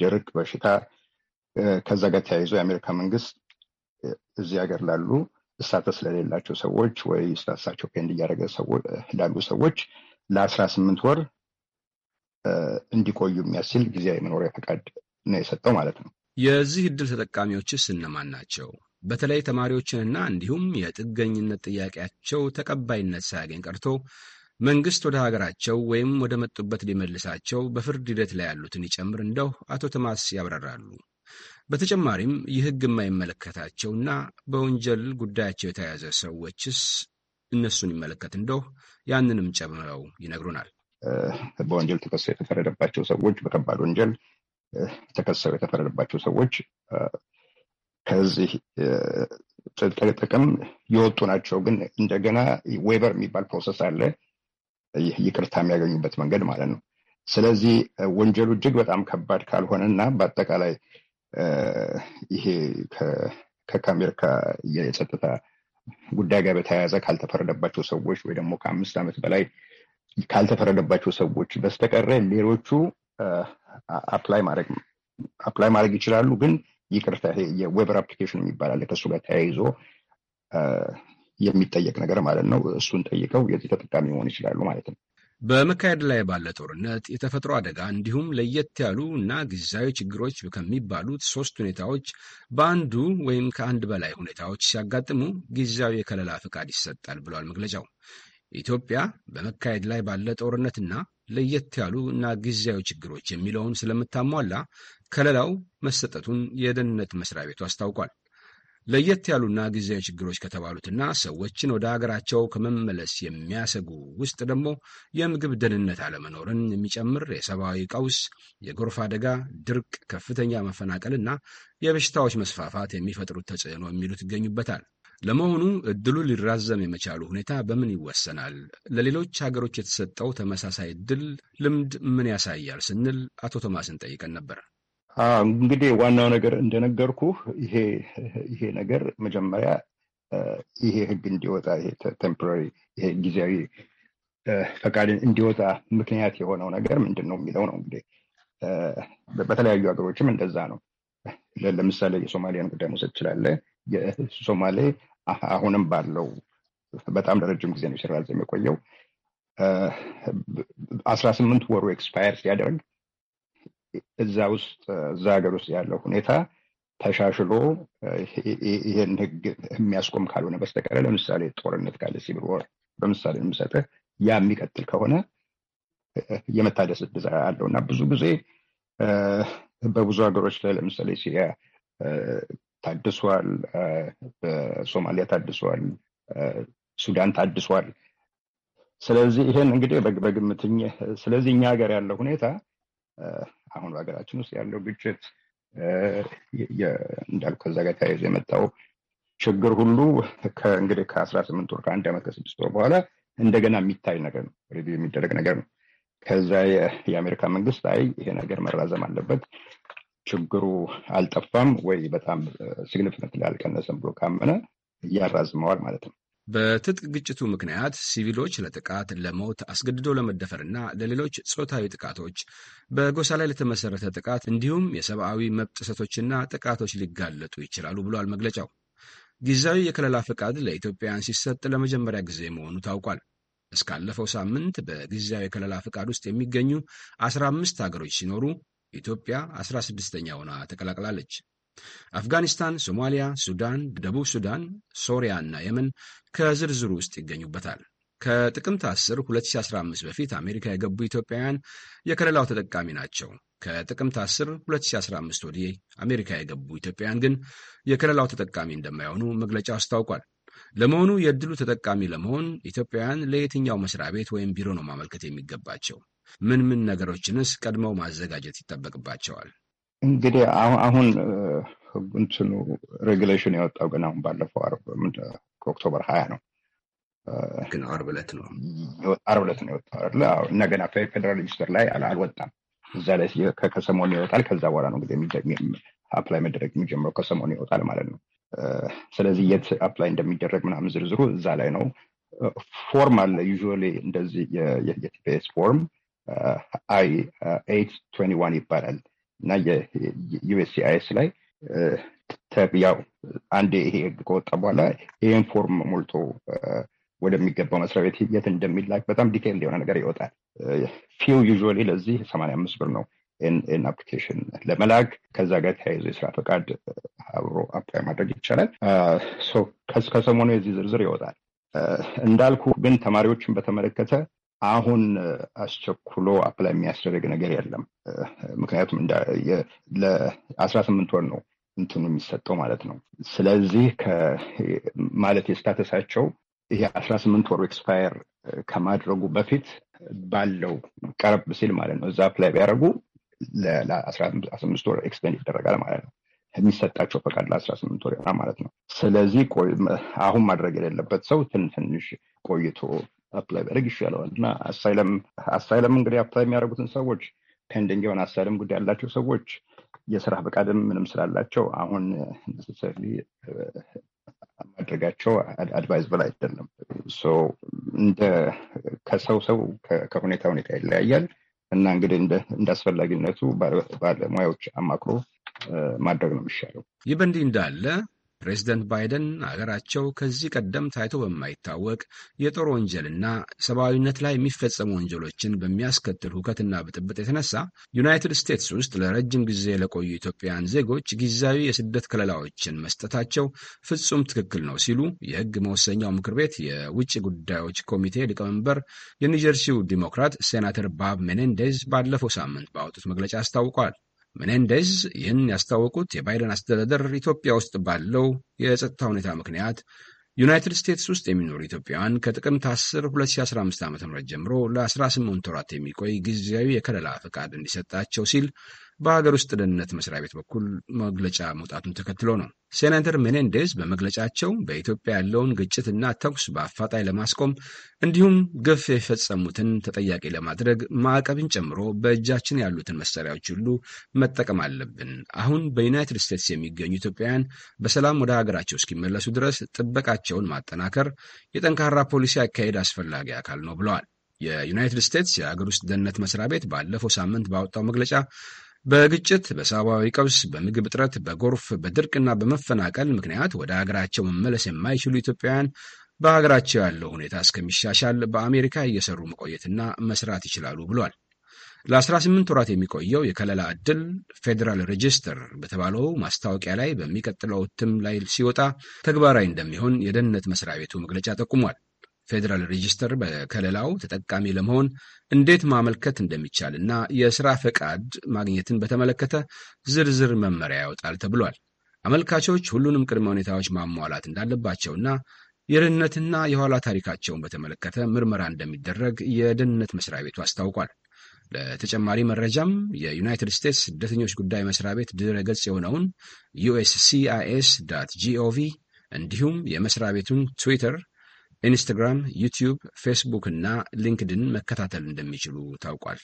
ድርቅ፣ በሽታ ከዛ ጋር ተያይዞ የአሜሪካ መንግስት እዚህ ሀገር ላሉ እሳተ ስለሌላቸው ሰዎች ወይ ስታተሳቸው ፔንድ እያደረገ ላሉ ሰዎች ለአስራ ስምንት ወር እንዲቆዩ የሚያስችል ጊዜያዊ መኖሪያ ፈቃድ ነው የሰጠው ማለት ነው። የዚህ እድል ተጠቃሚዎችስ እነማን ናቸው? በተለይ ተማሪዎችንና እንዲሁም የጥገኝነት ጥያቄያቸው ተቀባይነት ሳያገኝ ቀርቶ መንግስት ወደ ሀገራቸው ወይም ወደ መጡበት ሊመልሳቸው በፍርድ ሂደት ላይ ያሉትን ይጨምር እንደው አቶ ቶማስ ያብራራሉ። በተጨማሪም የህግ የማይመለከታቸውና በወንጀል ጉዳያቸው የተያዘ ሰዎችስ እነሱን ይመለከት እንደው ያንንም ጨምረው ይነግሩናል። በወንጀል ተከሰው የተፈረደባቸው ሰዎች በከባድ ወንጀል ተከሰው የተፈረደባቸው ሰዎች ከዚህ ጥቅም የወጡ ናቸው። ግን እንደገና ዌበር የሚባል ፕሮሰስ አለ፣ ይቅርታ የሚያገኙበት መንገድ ማለት ነው። ስለዚህ ወንጀሉ እጅግ በጣም ከባድ ካልሆነ እና በአጠቃላይ ይሄ ከአሜሪካ የጸጥታ ጉዳይ ጋር በተያያዘ ካልተፈረደባቸው ሰዎች ወይ ደግሞ ከአምስት ዓመት በላይ ካልተፈረደባቸው ሰዎች በስተቀረ ሌሎቹ አፕላይ ማድረግ አፕላይ ማድረግ ይችላሉ። ግን ይቅርታ የዌበር አፕሊኬሽን የሚባል አለ። ከእሱ ጋር ተያይዞ የሚጠየቅ ነገር ማለት ነው። እሱን ጠይቀው የዚህ ተጠቃሚ መሆን ይችላሉ ማለት ነው። በመካሄድ ላይ ባለ ጦርነት፣ የተፈጥሮ አደጋ እንዲሁም ለየት ያሉ እና ጊዜያዊ ችግሮች ከሚባሉት ሶስት ሁኔታዎች በአንዱ ወይም ከአንድ በላይ ሁኔታዎች ሲያጋጥሙ ጊዜያዊ የከለላ ፍቃድ ይሰጣል ብሏል መግለጫው። ኢትዮጵያ በመካሄድ ላይ ባለ ጦርነትና ለየት ያሉ እና ጊዜያዊ ችግሮች የሚለውን ስለምታሟላ ከለላው መሰጠቱን የደህንነት መስሪያ ቤቱ አስታውቋል። ለየት ያሉና ጊዜያዊ ችግሮች ከተባሉትና ሰዎችን ወደ አገራቸው ከመመለስ የሚያሰጉ ውስጥ ደግሞ የምግብ ደህንነት አለመኖርን የሚጨምር የሰብአዊ ቀውስ፣ የጎርፍ አደጋ፣ ድርቅ፣ ከፍተኛ መፈናቀልና የበሽታዎች መስፋፋት የሚፈጥሩት ተጽዕኖ የሚሉት ይገኙበታል። ለመሆኑ እድሉ ሊራዘም የመቻሉ ሁኔታ በምን ይወሰናል? ለሌሎች ሀገሮች የተሰጠው ተመሳሳይ እድል ልምድ ምን ያሳያል ስንል አቶ ቶማስን ጠይቀን ነበር። እንግዲህ ዋናው ነገር እንደነገርኩ ይሄ ይሄ ነገር መጀመሪያ ይሄ ህግ እንዲወጣ ይሄ ቴምፖራሪ ይሄ ጊዜያዊ ፈቃድ እንዲወጣ ምክንያት የሆነው ነገር ምንድን ነው የሚለው ነው። እንግዲህ በተለያዩ ሀገሮችም እንደዛ ነው። ለምሳሌ የሶማሊያን ጉዳይ መውሰድ ይችላለ የሶማሌ አሁንም ባለው በጣም ለረጅም ጊዜ ነው ሲራዘም የሚቆየው አስራ ስምንት ወሩ ኤክስፓየር ሲያደርግ እዛ ውስጥ እዛ ሀገር ውስጥ ያለው ሁኔታ ተሻሽሎ ይህን ህግ የሚያስቆም ካልሆነ በስተቀረ ለምሳሌ ጦርነት ካለ ሲቪል ወር በምሳሌ የምሰጥህ ያ የሚቀጥል ከሆነ የመታደስ ብዛ አለው እና ብዙ ጊዜ በብዙ ሀገሮች ላይ ለምሳሌ ሲሪያ ታድሷል፣ በሶማሊያ ታድሷል፣ ሱዳን ታድሷል። ስለዚህ ይሄን እንግዲህ በግምትኝ ስለዚህ እኛ ሀገር ያለው ሁኔታ አሁን በሀገራችን ውስጥ ያለው ግጭት እንዳልኩ ከዛ ጋር ተያይዞ የመጣው ችግር ሁሉ እንግዲህ ከአስራ ስምንት ወር ከአንድ ዓመት ከስድስት ወር በኋላ እንደገና የሚታይ ነገር ነው፣ ሪቪው የሚደረግ ነገር ነው። ከዛ የአሜሪካ መንግስት አይ ይሄ ነገር መራዘም አለበት ችግሩ አልጠፋም ወይ በጣም ሲግኒፊካንት ላይ አልቀነሰም ብሎ ካመነ እያራዝመዋል ማለት ነው። በትጥቅ ግጭቱ ምክንያት ሲቪሎች ለጥቃት፣ ለሞት፣ አስገድዶ ለመደፈርና ለሌሎች ጾታዊ ጥቃቶች፣ በጎሳ ላይ ለተመሰረተ ጥቃት እንዲሁም የሰብአዊ መብት ጥሰቶችና ጥቃቶች ሊጋለጡ ይችላሉ ብሏል መግለጫው። ጊዜያዊ የከለላ ፈቃድ ለኢትዮጵያውያን ሲሰጥ ለመጀመሪያ ጊዜ መሆኑ ታውቋል። እስካለፈው ሳምንት በጊዜያዊ የከለላ ፈቃድ ውስጥ የሚገኙ 15 ሀገሮች ሲኖሩ ኢትዮጵያ 16ኛ ሆና ተቀላቅላለች። አፍጋኒስታን፣ ሶማሊያ፣ ሱዳን፣ ደቡብ ሱዳን፣ ሶሪያ እና የመን ከዝርዝሩ ውስጥ ይገኙበታል። ከጥቅምት 10 2015 በፊት አሜሪካ የገቡ ኢትዮጵያውያን የከለላው ተጠቃሚ ናቸው። ከጥቅምት 10 2015 ወዲህ አሜሪካ የገቡ ኢትዮጵያውያን ግን የከለላው ተጠቃሚ እንደማይሆኑ መግለጫ አስታውቋል። ለመሆኑ የእድሉ ተጠቃሚ ለመሆን ኢትዮጵያውያን ለየትኛው መስሪያ ቤት ወይም ቢሮ ነው ማመልከት የሚገባቸው? ምን ምን ነገሮችንስ ቀድመው ማዘጋጀት ይጠበቅባቸዋል? እንግዲህ አሁን እንትኑ ሬጉሌሽን የወጣው ግን አሁን ባለፈው ከኦክቶበር ሀያ ነው ግን ዓርብ ዕለት ነው ዓርብ ዕለት ነው የወጣው አይደለ? እና ፌደራል ሚኒስትር ላይ አልወጣም። እዛ ላይ ከሰሞኑ ይወጣል። ከዛ በኋላ ነው እንግዲህ አፕላይ መደረግ የሚጀምረው ከሰሞኑ ይወጣል ማለት ነው። ስለዚህ የት አፕላይ እንደሚደረግ ምናምን ዝርዝሩ እዛ ላይ ነው። ፎርም አለ ዩ እንደዚህ የቲፒኤስ ፎርም አይ ኤት ትዌንቲ ዋን ይባላል። እና የዩኤስሲአይኤስ ላይ ያው አንድ ይሄ ህግ ከወጣ በኋላ ይህን ፎርም ሞልቶ ወደሚገባው መስሪያ ቤት የት እንደሚላክ በጣም ዲቴል የሆነ ነገር ይወጣል። ፊው ዩ ለዚህ ሰማኒያ አምስት ብር ነው ኤን አፕሊኬሽን ለመላክ ከዛ ጋር ተያይዞ የስራ ፈቃድ አብሮ አፕላይ ማድረግ ይቻላል። ከሰሞኑ የዚህ ዝርዝር ይወጣል። እንዳልኩ ግን ተማሪዎችን በተመለከተ አሁን አስቸኩሎ አፕላይ የሚያስደረግ ነገር የለም። ምክንያቱም ለአስራ ስምንት ወር ነው እንትኑ የሚሰጠው ማለት ነው። ስለዚህ ማለት የስታተሳቸው ይሄ አስራ ስምንት ወሩ ኤክስፓየር ከማድረጉ በፊት ባለው ቀረብ ሲል ማለት ነው እዛ አፕላይ ቢያደርጉ ለአስራ ስምንት ወር ኤክስፔንድ ይደረጋል ማለት ነው። የሚሰጣቸው ፈቃድ ለአስራ ስምንት ወር ማለት ነው። ስለዚህ አሁን ማድረግ የሌለበት ሰው ትንሽ ቆይቶ አፕላይ ቢያደርግ ይሻለዋል እና አሳይለም አሳይለም እንግዲህ አፕላይ የሚያደርጉትን ሰዎች ፔንዲንግ የሆነ አሳይለም ጉዳይ ያላቸው ሰዎች የስራ ፈቃድም ምንም ስላላቸው አሁን uh, ማድረጋቸው አድቫይዝ አድቫይዝብል አይደለም። እንደ ከሰው ሰው ከሁኔታ ሁኔታ ይለያያል እና እንግዲህ እንደ አስፈላጊነቱ ባለሙያዎች አማክሮ uh, ማድረግ ነው የሚሻለው። ይህ በእንዲህ እንዳለ ፕሬዝደንት ባይደን አገራቸው ከዚህ ቀደም ታይቶ በማይታወቅ የጦር ወንጀልና ሰብአዊነት ላይ የሚፈጸሙ ወንጀሎችን በሚያስከትል ሁከትና ብጥብጥ የተነሳ ዩናይትድ ስቴትስ ውስጥ ለረጅም ጊዜ ለቆዩ ኢትዮጵያውያን ዜጎች ጊዜያዊ የስደት ከለላዎችን መስጠታቸው ፍጹም ትክክል ነው ሲሉ የሕግ መወሰኛው ምክር ቤት የውጭ ጉዳዮች ኮሚቴ ሊቀመንበር የኒጀርሲው ዲሞክራት ሴናተር ባብ ሜኔንዴዝ ባለፈው ሳምንት ባወጡት መግለጫ አስታውቋል። ሜኔንዴዝ ይህን ያስታወቁት የባይደን አስተዳደር ኢትዮጵያ ውስጥ ባለው የጸጥታ ሁኔታ ምክንያት ዩናይትድ ስቴትስ ውስጥ የሚኖሩ ኢትዮጵያውያን ከጥቅምት 10 2015 ዓ ም ጀምሮ ለ18 ወራት የሚቆይ ጊዜያዊ የከለላ ፈቃድ እንዲሰጣቸው ሲል በሀገር ውስጥ ደህንነት መስሪያ ቤት በኩል መግለጫ መውጣቱን ተከትሎ ነው። ሴናተር ሜኔንዴዝ በመግለጫቸው በኢትዮጵያ ያለውን ግጭትና ተኩስ በአፋጣኝ ለማስቆም እንዲሁም ግፍ የፈጸሙትን ተጠያቂ ለማድረግ ማዕቀብን ጨምሮ በእጃችን ያሉትን መሳሪያዎች ሁሉ መጠቀም አለብን። አሁን በዩናይትድ ስቴትስ የሚገኙ ኢትዮጵያውያን በሰላም ወደ ሀገራቸው እስኪመለሱ ድረስ ጥበቃቸውን ማጠናከር የጠንካራ ፖሊሲ አካሄድ አስፈላጊ አካል ነው ብለዋል። የዩናይትድ ስቴትስ የአገር ውስጥ ደህንነት መስሪያ ቤት ባለፈው ሳምንት ባወጣው መግለጫ በግጭት፣ በሰብአዊ ቀውስ፣ በምግብ እጥረት፣ በጎርፍ፣ በድርቅና በመፈናቀል ምክንያት ወደ ሀገራቸው መመለስ የማይችሉ ኢትዮጵያውያን በሀገራቸው ያለው ሁኔታ እስከሚሻሻል በአሜሪካ እየሰሩ መቆየትና መስራት ይችላሉ ብሏል። ለ18 ወራት የሚቆየው የከለላ ዕድል ፌዴራል ሬጅስተር በተባለው ማስታወቂያ ላይ በሚቀጥለው እትም ላይ ሲወጣ ተግባራዊ እንደሚሆን የደህንነት መስሪያ ቤቱ መግለጫ ጠቁሟል። ፌዴራል ሬጂስተር በከለላው ተጠቃሚ ለመሆን እንዴት ማመልከት እንደሚቻል እና የስራ ፈቃድ ማግኘትን በተመለከተ ዝርዝር መመሪያ ያወጣል ተብሏል። አመልካቾች ሁሉንም ቅድመ ሁኔታዎች ማሟላት እንዳለባቸውና የደህንነትና የኋላ ታሪካቸውን በተመለከተ ምርመራ እንደሚደረግ የደህንነት መስሪያ ቤቱ አስታውቋል። ለተጨማሪ መረጃም የዩናይትድ ስቴትስ ስደተኞች ጉዳይ መስሪያ ቤት ድረ ገጽ የሆነውን ዩኤስሲአይኤስ ጂኦቪ እንዲሁም የመስሪያ ቤቱን ትዊተር ኢንስታግራም፣ ዩቲዩብ፣ ፌስቡክ እና ሊንክድን መከታተል እንደሚችሉ ታውቋል።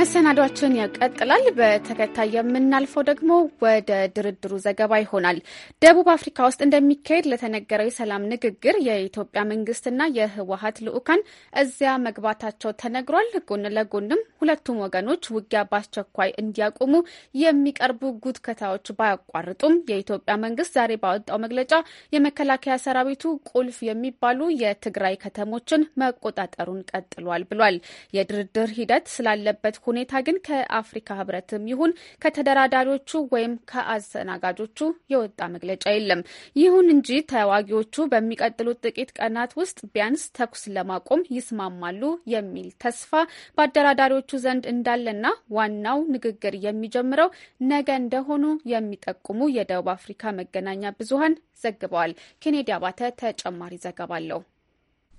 መሰናዷችን ያቀጥላል። በተከታይ የምናልፈው ደግሞ ወደ ድርድሩ ዘገባ ይሆናል። ደቡብ አፍሪካ ውስጥ እንደሚካሄድ ለተነገረው የሰላም ንግግር የኢትዮጵያ መንግስትና የህወሀት ልዑካን እዚያ መግባታቸው ተነግሯል። ጎን ለጎንም ሁለቱም ወገኖች ውጊያ በአስቸኳይ እንዲያቆሙ የሚቀርቡ ጉትከታዎች ባያቋርጡም የኢትዮጵያ መንግስት ዛሬ ባወጣው መግለጫ የመከላከያ ሰራዊቱ ቁልፍ የሚባሉ የትግራይ ከተሞችን መቆጣጠሩን ቀጥሏል ብሏል። የድርድር ሂደት ስላለበት ሁኔታ ግን ከአፍሪካ ህብረትም ይሁን ከተደራዳሪዎቹ ወይም ከአስተናጋጆቹ የወጣ መግለጫ የለም። ይሁን እንጂ ተዋጊዎቹ በሚቀጥሉት ጥቂት ቀናት ውስጥ ቢያንስ ተኩስ ለማቆም ይስማማሉ የሚል ተስፋ በአደራዳሪዎቹ ዘንድ እንዳለና ዋናው ንግግር የሚጀምረው ነገ እንደሆኑ የሚጠቁሙ የደቡብ አፍሪካ መገናኛ ብዙሃን ዘግበዋል። ኬኔዲ አባተ ተጨማሪ ዘገባ አለው።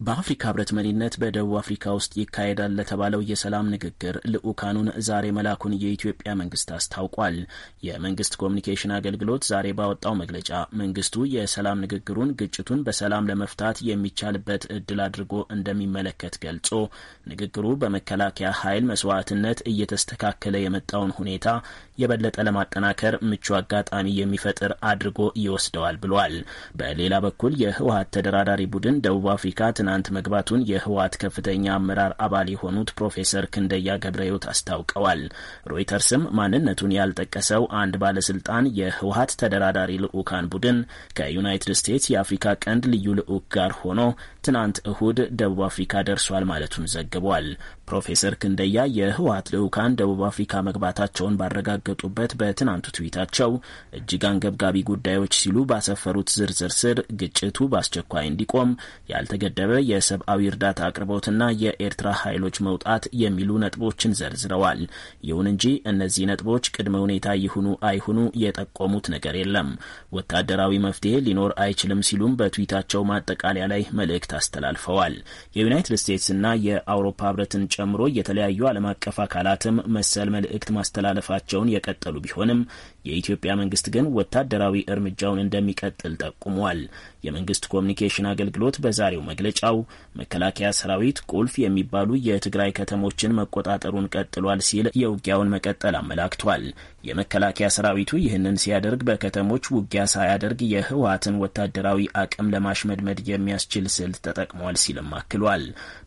በአፍሪካ ህብረት መሪነት በደቡብ አፍሪካ ውስጥ ይካሄዳል ለተባለው የሰላም ንግግር ልዑካኑን ዛሬ መላኩን የኢትዮጵያ መንግስት አስታውቋል። የመንግስት ኮሚኒኬሽን አገልግሎት ዛሬ ባወጣው መግለጫ መንግስቱ የሰላም ንግግሩን ግጭቱን በሰላም ለመፍታት የሚቻልበት እድል አድርጎ እንደሚመለከት ገልጾ ንግግሩ በመከላከያ ኃይል መስዋዕትነት እየተስተካከለ የመጣውን ሁኔታ የበለጠ ለማጠናከር ምቹ አጋጣሚ የሚፈጥር አድርጎ ይወስደዋል ብሏል። በሌላ በኩል የህወሀት ተደራዳሪ ቡድን ደቡብ አፍሪካ ትናንት መግባቱን የህወሓት ከፍተኛ አመራር አባል የሆኑት ፕሮፌሰር ክንደያ ገብረዮት አስታውቀዋል። ሮይተርስም ማንነቱን ያልጠቀሰው አንድ ባለስልጣን የህወሓት ተደራዳሪ ልዑካን ቡድን ከዩናይትድ ስቴትስ የአፍሪካ ቀንድ ልዩ ልዑክ ጋር ሆኖ ትናንት እሁድ ደቡብ አፍሪካ ደርሷል ማለቱን ዘግቧል። ፕሮፌሰር ክንደያ የህወሓት ልዑካን ደቡብ አፍሪካ መግባታቸውን ባረጋገጡበት በትናንቱ ትዊታቸው እጅግ አንገብጋቢ ጉዳዮች ሲሉ ባሰፈሩት ዝርዝር ስር ግጭቱ በአስቸኳይ እንዲቆም ያልተገደበ የሰብአዊ እርዳታ አቅርቦትና የኤርትራ ኃይሎች መውጣት የሚሉ ነጥቦችን ዘርዝረዋል። ይሁን እንጂ እነዚህ ነጥቦች ቅድመ ሁኔታ ይሁኑ አይሁኑ የጠቆሙት ነገር የለም። ወታደራዊ መፍትሄ ሊኖር አይችልም ሲሉም በትዊታቸው ማጠቃለያ ላይ መልእክት አስተላልፈዋል። የዩናይትድ ስቴትስና የአውሮፓ ህብረትን ጨምሮ የተለያዩ ዓለም አቀፍ አካላትም መሰል መልእክት ማስተላለፋቸውን የቀጠሉ ቢሆንም የኢትዮጵያ መንግስት ግን ወታደራዊ እርምጃውን እንደሚቀጥል ጠቁሟል። የመንግስት ኮሚኒኬሽን አገልግሎት በዛሬው መግለጫው መከላከያ ሰራዊት ቁልፍ የሚባሉ የትግራይ ከተሞችን መቆጣጠሩን ቀጥሏል ሲል የውጊያውን መቀጠል አመላክቷል። የመከላከያ ሰራዊቱ ይህንን ሲያደርግ በከተሞች ውጊያ ሳያደርግ የህወሀትን ወታደራዊ አቅም ለማሽመድመድ የሚያስችል ስልት ተጠቅሟል ሲልም አክሏል።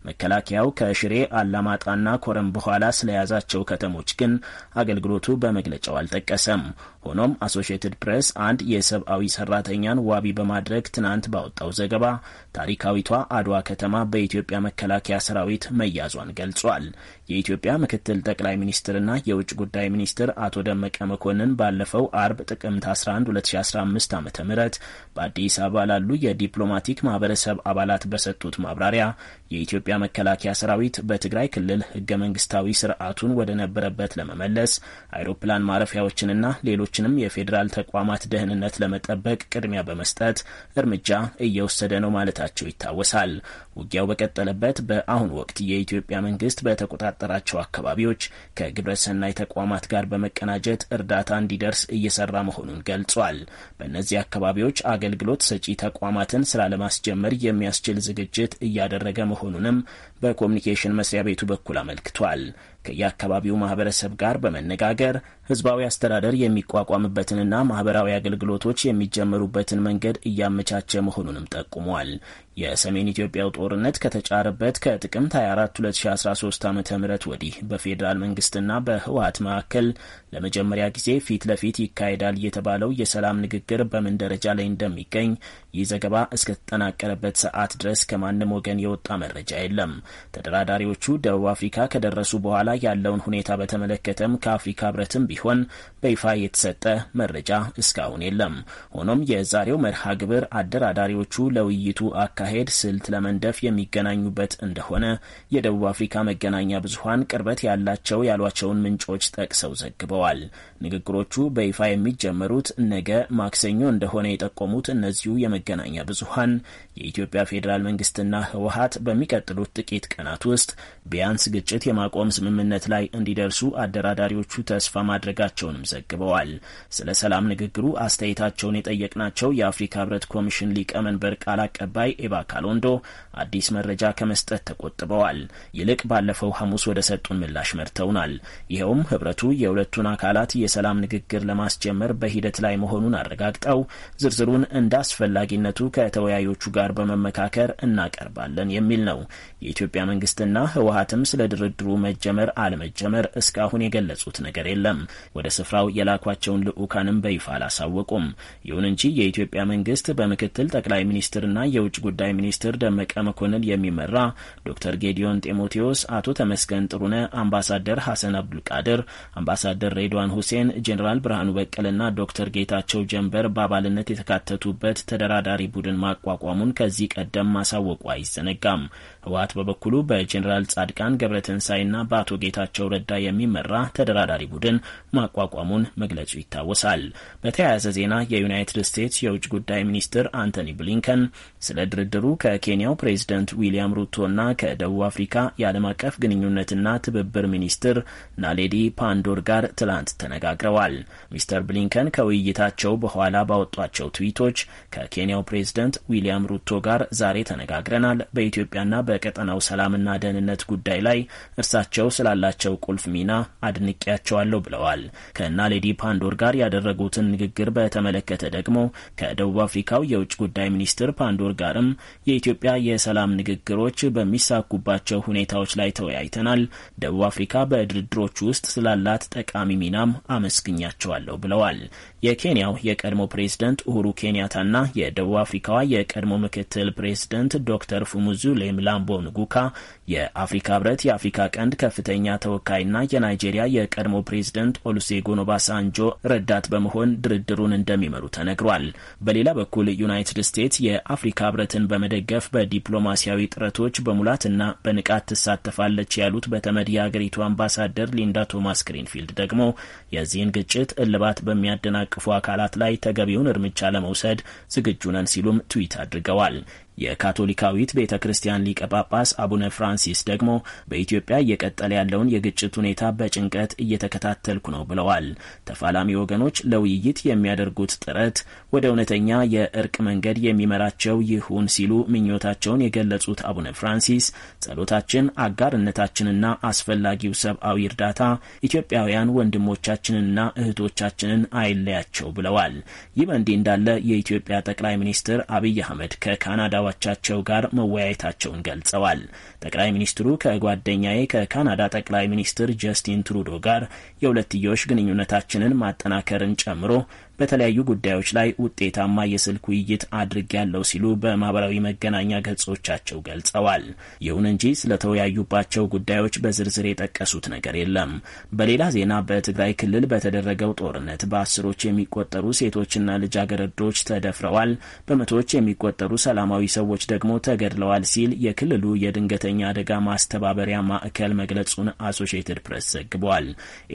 መከላከያው ከሽሬ አላማጣና ኮረም በኋላ ስለያዛቸው ከተሞች ግን አገልግሎቱ በመግለጫው አልጠቀሰም። ሆኖም አሶሺየትድ ፕሬስ አንድ የሰብአዊ ሰራተኛን ዋቢ በማድረግ ትናንት ባወጣው ዘገባ ታሪካዊቷ አድዋ ከተማ በኢትዮጵያ መከላከያ ሰራዊት መያዟን ገልጿል። የኢትዮጵያ ምክትል ጠቅላይ ሚኒስትርና የውጭ ጉዳይ ሚኒስትር አቶ ደመ ደመቀ መኮንን ባለፈው አርብ ጥቅምት 11 2015 ዓ ም በአዲስ አበባ ላሉ የዲፕሎማቲክ ማህበረሰብ አባላት በሰጡት ማብራሪያ የኢትዮጵያ መከላከያ ሰራዊት በትግራይ ክልል ህገ መንግስታዊ ስርዓቱን ወደ ነበረበት ለመመለስ አይሮፕላን ማረፊያዎችንና ሌሎችንም የፌዴራል ተቋማት ደህንነት ለመጠበቅ ቅድሚያ በመስጠት እርምጃ እየወሰደ ነው ማለታቸው ይታወሳል። ውጊያው በቀጠለበት በአሁኑ ወቅት የኢትዮጵያ መንግስት በተቆጣጠራቸው አካባቢዎች ከግብረሰናይ ተቋማት ጋር በመቀናጀት እርዳታ እንዲደርስ እየሰራ መሆኑን ገልጿል። በእነዚህ አካባቢዎች አገልግሎት ሰጪ ተቋማትን ስራ ለማስጀመር የሚያስችል ዝግጅት እያደረገ መሆኑንም በኮሚኒኬሽን መስሪያ ቤቱ በኩል አመልክቷል። ከየአካባቢው ማህበረሰብ ጋር በመነጋገር ህዝባዊ አስተዳደር የሚቋቋምበትንና ማህበራዊ አገልግሎቶች የሚጀምሩበትን መንገድ እያመቻቸ መሆኑንም ጠቁሟል። የሰሜን ኢትዮጵያው ጦርነት ከተጫረበት ከጥቅምት 24 2013 ዓ ም ወዲህ በፌዴራል መንግስትና በህወሀት መካከል ለመጀመሪያ ጊዜ ፊት ለፊት ይካሄዳል የተባለው የሰላም ንግግር በምን ደረጃ ላይ እንደሚገኝ ይህ ዘገባ እስከተጠናቀረበት ሰዓት ድረስ ከማንም ወገን የወጣ መረጃ የለም። ተደራዳሪዎቹ ደቡብ አፍሪካ ከደረሱ በኋላ ያለውን ሁኔታ በተመለከተም ከአፍሪካ ህብረትም ቢሆን በይፋ የተሰጠ መረጃ እስካሁን የለም። ሆኖም የዛሬው መርሃ ግብር አደራዳሪዎቹ ለውይይቱ አካሄድ ስልት ለመንደፍ የሚገናኙበት እንደሆነ የደቡብ አፍሪካ መገናኛ ብዙሀን ቅርበት ያላቸው ያሏቸውን ምንጮች ጠቅሰው ዘግበዋል። ንግግሮቹ በይፋ የሚጀመሩት ነገ ማክሰኞ እንደሆነ የጠቆሙት እነዚሁ መገናኛ ብዙሀን የኢትዮጵያ ፌዴራል መንግስትና ህወሀት በሚቀጥሉት ጥቂት ቀናት ውስጥ ቢያንስ ግጭት የማቆም ስምምነት ላይ እንዲደርሱ አደራዳሪዎቹ ተስፋ ማድረጋቸውንም ዘግበዋል። ስለ ሰላም ንግግሩ አስተያየታቸውን የጠየቅናቸው የአፍሪካ ህብረት ኮሚሽን ሊቀመንበር ቃል አቀባይ ኤባ ካሎንዶ አዲስ መረጃ ከመስጠት ተቆጥበዋል። ይልቅ ባለፈው ሐሙስ ወደ ሰጡን ምላሽ መርተውናል። ይኸውም ህብረቱ የሁለቱን አካላት የሰላም ንግግር ለማስጀመር በሂደት ላይ መሆኑን አረጋግጠው ዝርዝሩን እንደ አስፈላጊነቱ ከተወያዮቹ ጋር በመመካከር እናቀርባለን የሚል ነው። የኢትዮጵያ መንግስትና ህወሀትም ስለ ድርድሩ መጀመር አለመጀመር እስካሁን የገለጹት ነገር የለም። ወደ ስፍራው የላኳቸውን ልዑካንም በይፋ አላሳወቁም። ይሁን እንጂ የኢትዮጵያ መንግስት በምክትል ጠቅላይ ሚኒስትርና የውጭ ጉዳይ ሚኒስትር ደመቀ መኮንን የሚመራ ዶክተር ጌዲዮን ጢሞቴዎስ፣ አቶ ተመስገን ጥሩነ፣ አምባሳደር ሐሰን አብዱልቃድር፣ አምባሳደር ሬድዋን ሁሴን፣ ጄኔራል ብርሃኑ በቀልና ዶክተር ጌታቸው ጀንበር በአባልነት የተካተቱበት ተደራዳሪ ቡድን ማቋቋሙን ከዚህ ቀደም ማሳወቁ አይዘነጋም። ህወሓት በበኩሉ በጄኔራል ጻድቃን ገብረትንሳኤና በአቶ ጌታቸው ረዳ የሚመራ ተደራዳሪ ቡድን ማቋቋሙን መግለጹ ይታወሳል። በተያያዘ ዜና የዩናይትድ ስቴትስ የውጭ ጉዳይ ሚኒስትር አንቶኒ ብሊንከን ስለ ድርድሩ ከኬንያው ፕሬዝደንት ዊሊያም ሩቶና ከደቡብ አፍሪካ የዓለም አቀፍ ግንኙነትና ትብብር ሚኒስትር ናሌዲ ፓንዶር ጋር ትላንት ተነጋግረዋል። ሚስተር ብሊንከን ከውይይታቸው በኋላ ባወጧቸው ትዊቶች ከኬንያው ፕሬዝደንት ዊሊያም ሩቶ ጋር ዛሬ ተነጋግረናል በኢትዮጵያና በ በቀጠናው ሰላምና ደህንነት ጉዳይ ላይ እርሳቸው ስላላቸው ቁልፍ ሚና አድንቄያቸዋለሁ ብለዋል። ከናሌዲ ፓንዶር ጋር ያደረጉትን ንግግር በተመለከተ ደግሞ ከደቡብ አፍሪካው የውጭ ጉዳይ ሚኒስትር ፓንዶር ጋርም የኢትዮጵያ የሰላም ንግግሮች በሚሳኩባቸው ሁኔታዎች ላይ ተወያይተናል። ደቡብ አፍሪካ በድርድሮች ውስጥ ስላላት ጠቃሚ ሚናም አመስግኛቸዋለሁ ብለዋል። የኬንያው የቀድሞ ፕሬዝደንት ኡሁሩ ኬንያታና የደቡብ አፍሪካዋ የቀድሞ ምክትል ፕሬዝደንት ዶክተር ፉሙዙ ላም አምቦ ንጉካ የአፍሪካ ህብረት የአፍሪካ ቀንድ ከፍተኛ ተወካይና የናይጄሪያ የቀድሞ ፕሬዝደንት ኦሉሴጉን ኦባሳንጆ ረዳት በመሆን ድርድሩን እንደሚመሩ ተነግሯል። በሌላ በኩል ዩናይትድ ስቴትስ የአፍሪካ ህብረትን በመደገፍ በዲፕሎማሲያዊ ጥረቶች በሙላትና በንቃት ትሳተፋለች ያሉት በተመድ የአገሪቱ አምባሳደር ሊንዳ ቶማስ ግሪንፊልድ ደግሞ የዚህን ግጭት እልባት በሚያደናቅፉ አካላት ላይ ተገቢውን እርምጃ ለመውሰድ ዝግጁ ነን ሲሉም ትዊት አድርገዋል። የካቶሊካዊት ቤተ ክርስቲያን ሊቀ ጳጳስ አቡነ ፍራ። ፍራንሲስ ደግሞ በኢትዮጵያ እየቀጠለ ያለውን የግጭት ሁኔታ በጭንቀት እየተከታተልኩ ነው ብለዋል። ተፋላሚ ወገኖች ለውይይት የሚያደርጉት ጥረት ወደ እውነተኛ የእርቅ መንገድ የሚመራቸው ይሁን ሲሉ ምኞታቸውን የገለጹት አቡነ ፍራንሲስ ጸሎታችን፣ አጋርነታችንና አስፈላጊው ሰብአዊ እርዳታ ኢትዮጵያውያን ወንድሞቻችንንና እህቶቻችንን አይለያቸው ብለዋል። ይህ በእንዲህ እንዳለ የኢትዮጵያ ጠቅላይ ሚኒስትር አብይ አህመድ ከካናዳ ዋቻቸው ጋር መወያየታቸውን ገልጸዋል። ጠቅላይ ጠቅላይ ሚኒስትሩ ከጓደኛዬ ከካናዳ ጠቅላይ ሚኒስትር ጀስቲን ትሩዶ ጋር የሁለትዮሽ ግንኙነታችንን ማጠናከርን ጨምሮ በተለያዩ ጉዳዮች ላይ ውጤታማ የስልክ ውይይት ያለው ሲሉ በማህበራዊ መገናኛ ገጾቻቸው ገልጸዋል። ይሁን እንጂ ስለተወያዩባቸው ጉዳዮች በዝርዝር የጠቀሱት ነገር የለም። በሌላ ዜና በትግራይ ክልል በተደረገው ጦርነት በአስሮች የሚቆጠሩ ሴቶችና ልጃገረዶች ተደፍረዋል፣ በመቶዎች የሚቆጠሩ ሰላማዊ ሰዎች ደግሞ ተገድለዋል ሲል የክልሉ የድንገተኛ አደጋ ማስተባበሪያ ማዕከል መግለጹን አሶሺየትድ ፕሬስ ዘግቧል።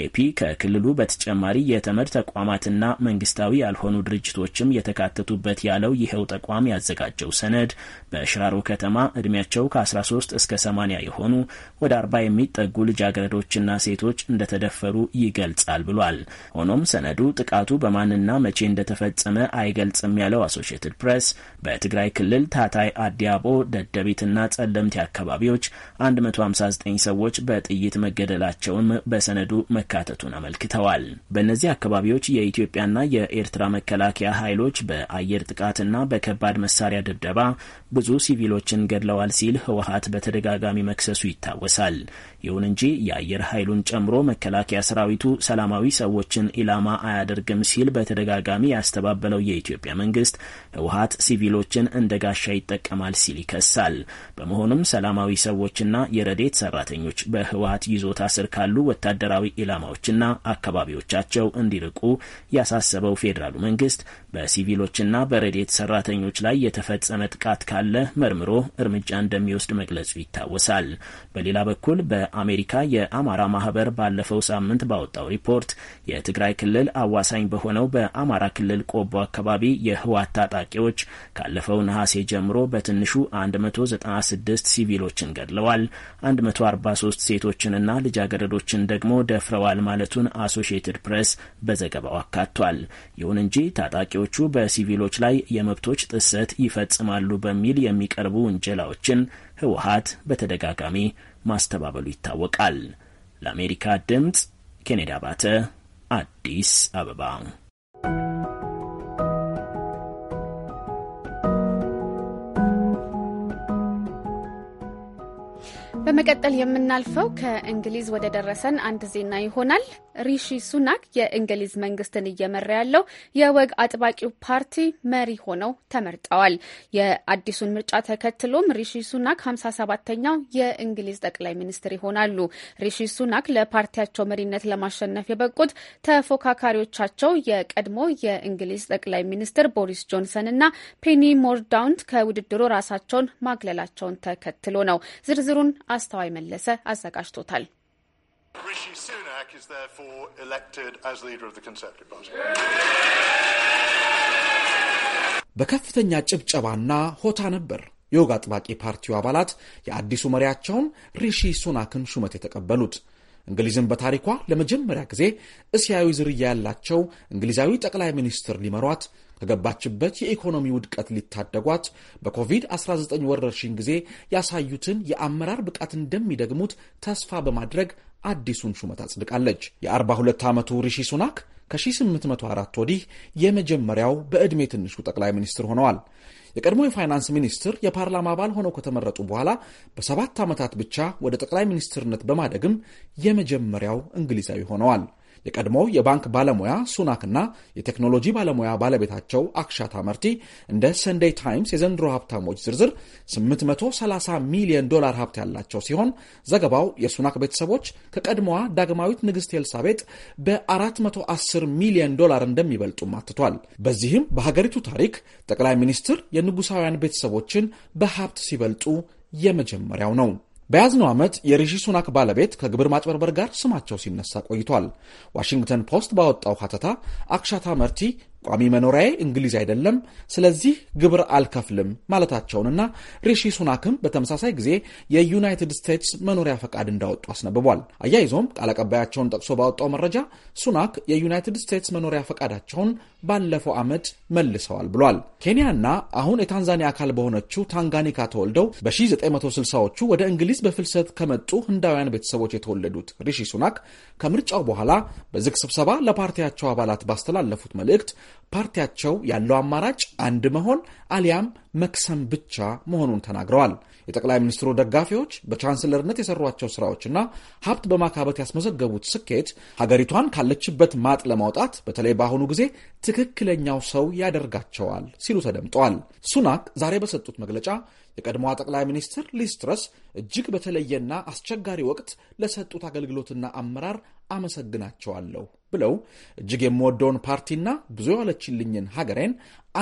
ኤፒ ከክልሉ በተጨማሪ የተመድ ተቋማትና መንግስት መንግስታዊ ያልሆኑ ድርጅቶችም የተካተቱበት ያለው ይኸው ተቋም ያዘጋጀው ሰነድ በሽራሮ ከተማ እድሜያቸው ከ13 እስከ 80 የሆኑ ወደ 40 የሚጠጉ ልጃገረዶችና ሴቶች እንደተደፈሩ ይገልጻል ብሏል። ሆኖም ሰነዱ ጥቃቱ በማንና መቼ እንደተፈጸመ አይገልጽም ያለው አሶሺየትድ ፕሬስ በትግራይ ክልል ታታይ፣ አዲያቦ፣ ደደቢትና ጸለምቲ አካባቢዎች 159 ሰዎች በጥይት መገደላቸውን በሰነዱ መካተቱን አመልክተዋል። በእነዚህ አካባቢዎች የኢትዮጵያና የ የኤርትራ መከላከያ ኃይሎች በአየር ጥቃትና በከባድ መሳሪያ ድብደባ ብዙ ሲቪሎችን ገድለዋል ሲል ህወሀት በተደጋጋሚ መክሰሱ ይታወሳል። ይሁን እንጂ የአየር ኃይሉን ጨምሮ መከላከያ ሰራዊቱ ሰላማዊ ሰዎችን ኢላማ አያደርግም ሲል በተደጋጋሚ ያስተባበለው የኢትዮጵያ መንግስት ህወሀት ሲቪሎችን እንደ ጋሻ ይጠቀማል ሲል ይከሳል። በመሆኑም ሰላማዊ ሰዎችና የረዴት ሰራተኞች በህወሀት ይዞታ ስር ካሉ ወታደራዊ ኢላማዎችና አካባቢዎቻቸው እንዲርቁ ያሳሰበው ፌዴራሉ መንግስት በሲቪሎችና በረዴት ሰራተኞች ላይ የተፈጸመ ጥቃት ካለ መርምሮ እርምጃ እንደሚወስድ መግለጹ ይታወሳል። በሌላ በኩል በአሜሪካ የአማራ ማህበር ባለፈው ሳምንት ባወጣው ሪፖርት የትግራይ ክልል አዋሳኝ በሆነው በአማራ ክልል ቆቦ አካባቢ የህወሀት ታጣ ታጣቂዎች ካለፈው ነሐሴ ጀምሮ በትንሹ 196 ሲቪሎችን ገድለዋል፣ 143 ሴቶችንና ልጃገረዶችን ደግሞ ደፍረዋል ማለቱን አሶሽየትድ ፕሬስ በዘገባው አካቷል። ይሁን እንጂ ታጣቂዎቹ በሲቪሎች ላይ የመብቶች ጥሰት ይፈጽማሉ በሚል የሚቀርቡ ውንጀላዎችን ህወሀት በተደጋጋሚ ማስተባበሉ ይታወቃል። ለአሜሪካ ድምፅ ኬኔዲ አባተ አዲስ አበባ በመቀጠል የምናልፈው ከእንግሊዝ ወደ ደረሰን አንድ ዜና ይሆናል። ሪሺ ሱናክ የእንግሊዝ መንግስትን እየመራ ያለው የወግ አጥባቂው ፓርቲ መሪ ሆነው ተመርጠዋል። የአዲሱን ምርጫ ተከትሎም ሪሺ ሱናክ 57ተኛው የእንግሊዝ ጠቅላይ ሚኒስትር ይሆናሉ። ሪሺ ሱናክ ለፓርቲያቸው መሪነት ለማሸነፍ የበቁት ተፎካካሪዎቻቸው የቀድሞ የእንግሊዝ ጠቅላይ ሚኒስትር ቦሪስ ጆንሰን እና ፔኒ ሞርዳውንት ከውድድሩ ራሳቸውን ማግለላቸውን ተከትሎ ነው። ዝርዝሩን አስተዋይ መለሰ አዘጋጅቶታል። በከፍተኛ ጭብጨባና ሆታ ነበር የወግ አጥባቂ ፓርቲው አባላት የአዲሱ መሪያቸውን ሪሺ ሱናክን ሹመት የተቀበሉት። እንግሊዝን በታሪኳ ለመጀመሪያ ጊዜ እስያዊ ዝርያ ያላቸው እንግሊዛዊ ጠቅላይ ሚኒስትር ሊመሯት ከገባችበት የኢኮኖሚ ውድቀት ሊታደጓት በኮቪድ-19 ወረርሽኝ ጊዜ ያሳዩትን የአመራር ብቃት እንደሚደግሙት ተስፋ በማድረግ አዲሱን ሹመት አጽድቃለች። የ42 ዓመቱ ሪሺ ሱናክ ከ1804 ወዲህ የመጀመሪያው በዕድሜ ትንሹ ጠቅላይ ሚኒስትር ሆነዋል። የቀድሞ የፋይናንስ ሚኒስትር የፓርላማ አባል ሆነው ከተመረጡ በኋላ በሰባት ዓመታት ብቻ ወደ ጠቅላይ ሚኒስትርነት በማደግም የመጀመሪያው እንግሊዛዊ ሆነዋል። የቀድሞው የባንክ ባለሙያ ሱናክና የቴክኖሎጂ ባለሙያ ባለቤታቸው አክሻ ታመርቲ እንደ ሰንዴይ ታይምስ የዘንድሮ ሀብታሞች ዝርዝር 830 ሚሊዮን ዶላር ሀብት ያላቸው ሲሆን ዘገባው የሱናክ ቤተሰቦች ከቀድሞዋ ዳግማዊት ንግሥት ኤልሳቤጥ በ410 ሚሊዮን ዶላር እንደሚበልጡም አትቷል። በዚህም በሀገሪቱ ታሪክ ጠቅላይ ሚኒስትር የንጉሳውያን ቤተሰቦችን በሀብት ሲበልጡ የመጀመሪያው ነው። በያዝነው ዓመት የሪሺ ሱናክ ባለቤት ከግብር ማጭበርበር ጋር ስማቸው ሲነሳ ቆይቷል። ዋሽንግተን ፖስት ባወጣው ሀተታ አክሻታ መርቲ ቋሚ መኖሪያዬ እንግሊዝ አይደለም፣ ስለዚህ ግብር አልከፍልም ማለታቸውንና ሪሺ ሱናክም በተመሳሳይ ጊዜ የዩናይትድ ስቴትስ መኖሪያ ፈቃድ እንዳወጡ አስነብቧል። አያይዞም ቃል አቀባያቸውን ጠቅሶ ባወጣው መረጃ ሱናክ የዩናይትድ ስቴትስ መኖሪያ ፈቃዳቸውን ባለፈው ዓመት መልሰዋል ብሏል። ኬንያና አሁን የታንዛኒያ አካል በሆነችው ታንጋኒካ ተወልደው በ1960ዎቹ ወደ እንግሊዝ በፍልሰት ከመጡ ህንዳውያን ቤተሰቦች የተወለዱት ሪሺ ሱናክ ከምርጫው በኋላ በዝግ ስብሰባ ለፓርቲያቸው አባላት ባስተላለፉት መልእክት ፓርቲያቸው ያለው አማራጭ አንድ መሆን አሊያም መክሰም ብቻ መሆኑን ተናግረዋል። የጠቅላይ ሚኒስትሩ ደጋፊዎች በቻንስለርነት የሰሯቸው ስራዎችና ሀብት በማካበት ያስመዘገቡት ስኬት ሀገሪቷን ካለችበት ማጥ ለማውጣት በተለይ በአሁኑ ጊዜ ትክክለኛው ሰው ያደርጋቸዋል ሲሉ ተደምጠዋል። ሱናክ ዛሬ በሰጡት መግለጫ የቀድሞዋ ጠቅላይ ሚኒስትር ሊስትረስ እጅግ በተለየና አስቸጋሪ ወቅት ለሰጡት አገልግሎትና አመራር አመሰግናቸዋለሁ ብለው እጅግ የምወደውን ፓርቲና ብዙ የዋለችልኝን ሀገሬን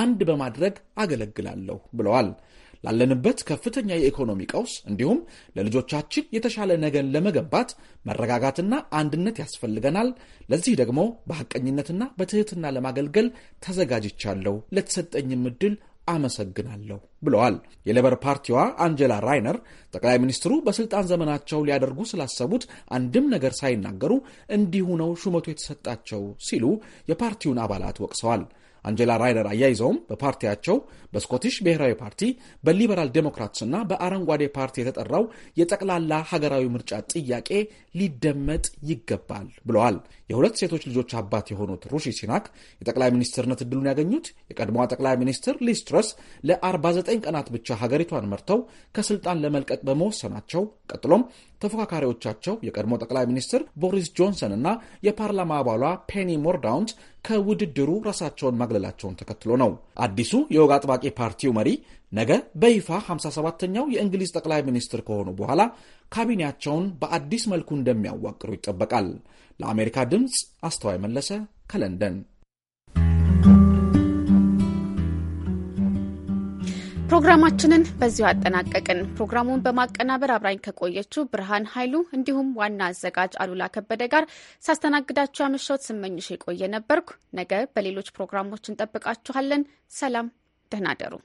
አንድ በማድረግ አገለግላለሁ ብለዋል። ላለንበት ከፍተኛ የኢኮኖሚ ቀውስ እንዲሁም ለልጆቻችን የተሻለ ነገን ለመገንባት መረጋጋትና አንድነት ያስፈልገናል። ለዚህ ደግሞ በሐቀኝነትና በትህትና ለማገልገል ተዘጋጅቻለሁ። ለተሰጠኝም ዕድል አመሰግናለሁ ብለዋል። የሌበር ፓርቲዋ አንጀላ ራይነር ጠቅላይ ሚኒስትሩ በስልጣን ዘመናቸው ሊያደርጉ ስላሰቡት አንድም ነገር ሳይናገሩ እንዲሁ ነው ሹመቱ የተሰጣቸው ሲሉ የፓርቲውን አባላት ወቅሰዋል። አንጀላ ራይደር አያይዘውም በፓርቲያቸው በስኮቲሽ ብሔራዊ ፓርቲ በሊበራል እና በአረንጓዴ ፓርቲ የተጠራው የጠቅላላ ሀገራዊ ምርጫ ጥያቄ ሊደመጥ ይገባል ብለዋል። የሁለት ሴቶች ልጆች አባት የሆኑት ሩሺ ሲናክ የጠቅላይ ሚኒስትርነት እድሉን ያገኙት የቀድሞዋ ጠቅላይ ሚኒስትር ሊስትረስ ለ49 ቀናት ብቻ ሀገሪቷን መርተው ከስልጣን ለመልቀቅ በመወሰናቸው ቀጥሎም ተፎካካሪዎቻቸው የቀድሞ ጠቅላይ ሚኒስትር ቦሪስ ጆንሰን እና የፓርላማ አባሏ ፔኒ ሞርዳውንት ከውድድሩ ራሳቸውን ማግለላቸውን ተከትሎ ነው። አዲሱ የወግ አጥባቂ ፓርቲው መሪ ነገ በይፋ 57ኛው የእንግሊዝ ጠቅላይ ሚኒስትር ከሆኑ በኋላ ካቢኔያቸውን በአዲስ መልኩ እንደሚያዋቅሩ ይጠበቃል። ለአሜሪካ ድምፅ አስተዋይ መለሰ ከለንደን ፕሮግራማችንን በዚሁ አጠናቀቅን። ፕሮግራሙን በማቀናበር አብራኝ ከቆየችው ብርሃን ኃይሉ እንዲሁም ዋና አዘጋጅ አሉላ ከበደ ጋር ሳስተናግዳችሁ ያመሻውት ስመኝሽ የቆየ ነበርኩ። ነገ በሌሎች ፕሮግራሞች እንጠብቃችኋለን። ሰላም፣ ደህና ደሩ።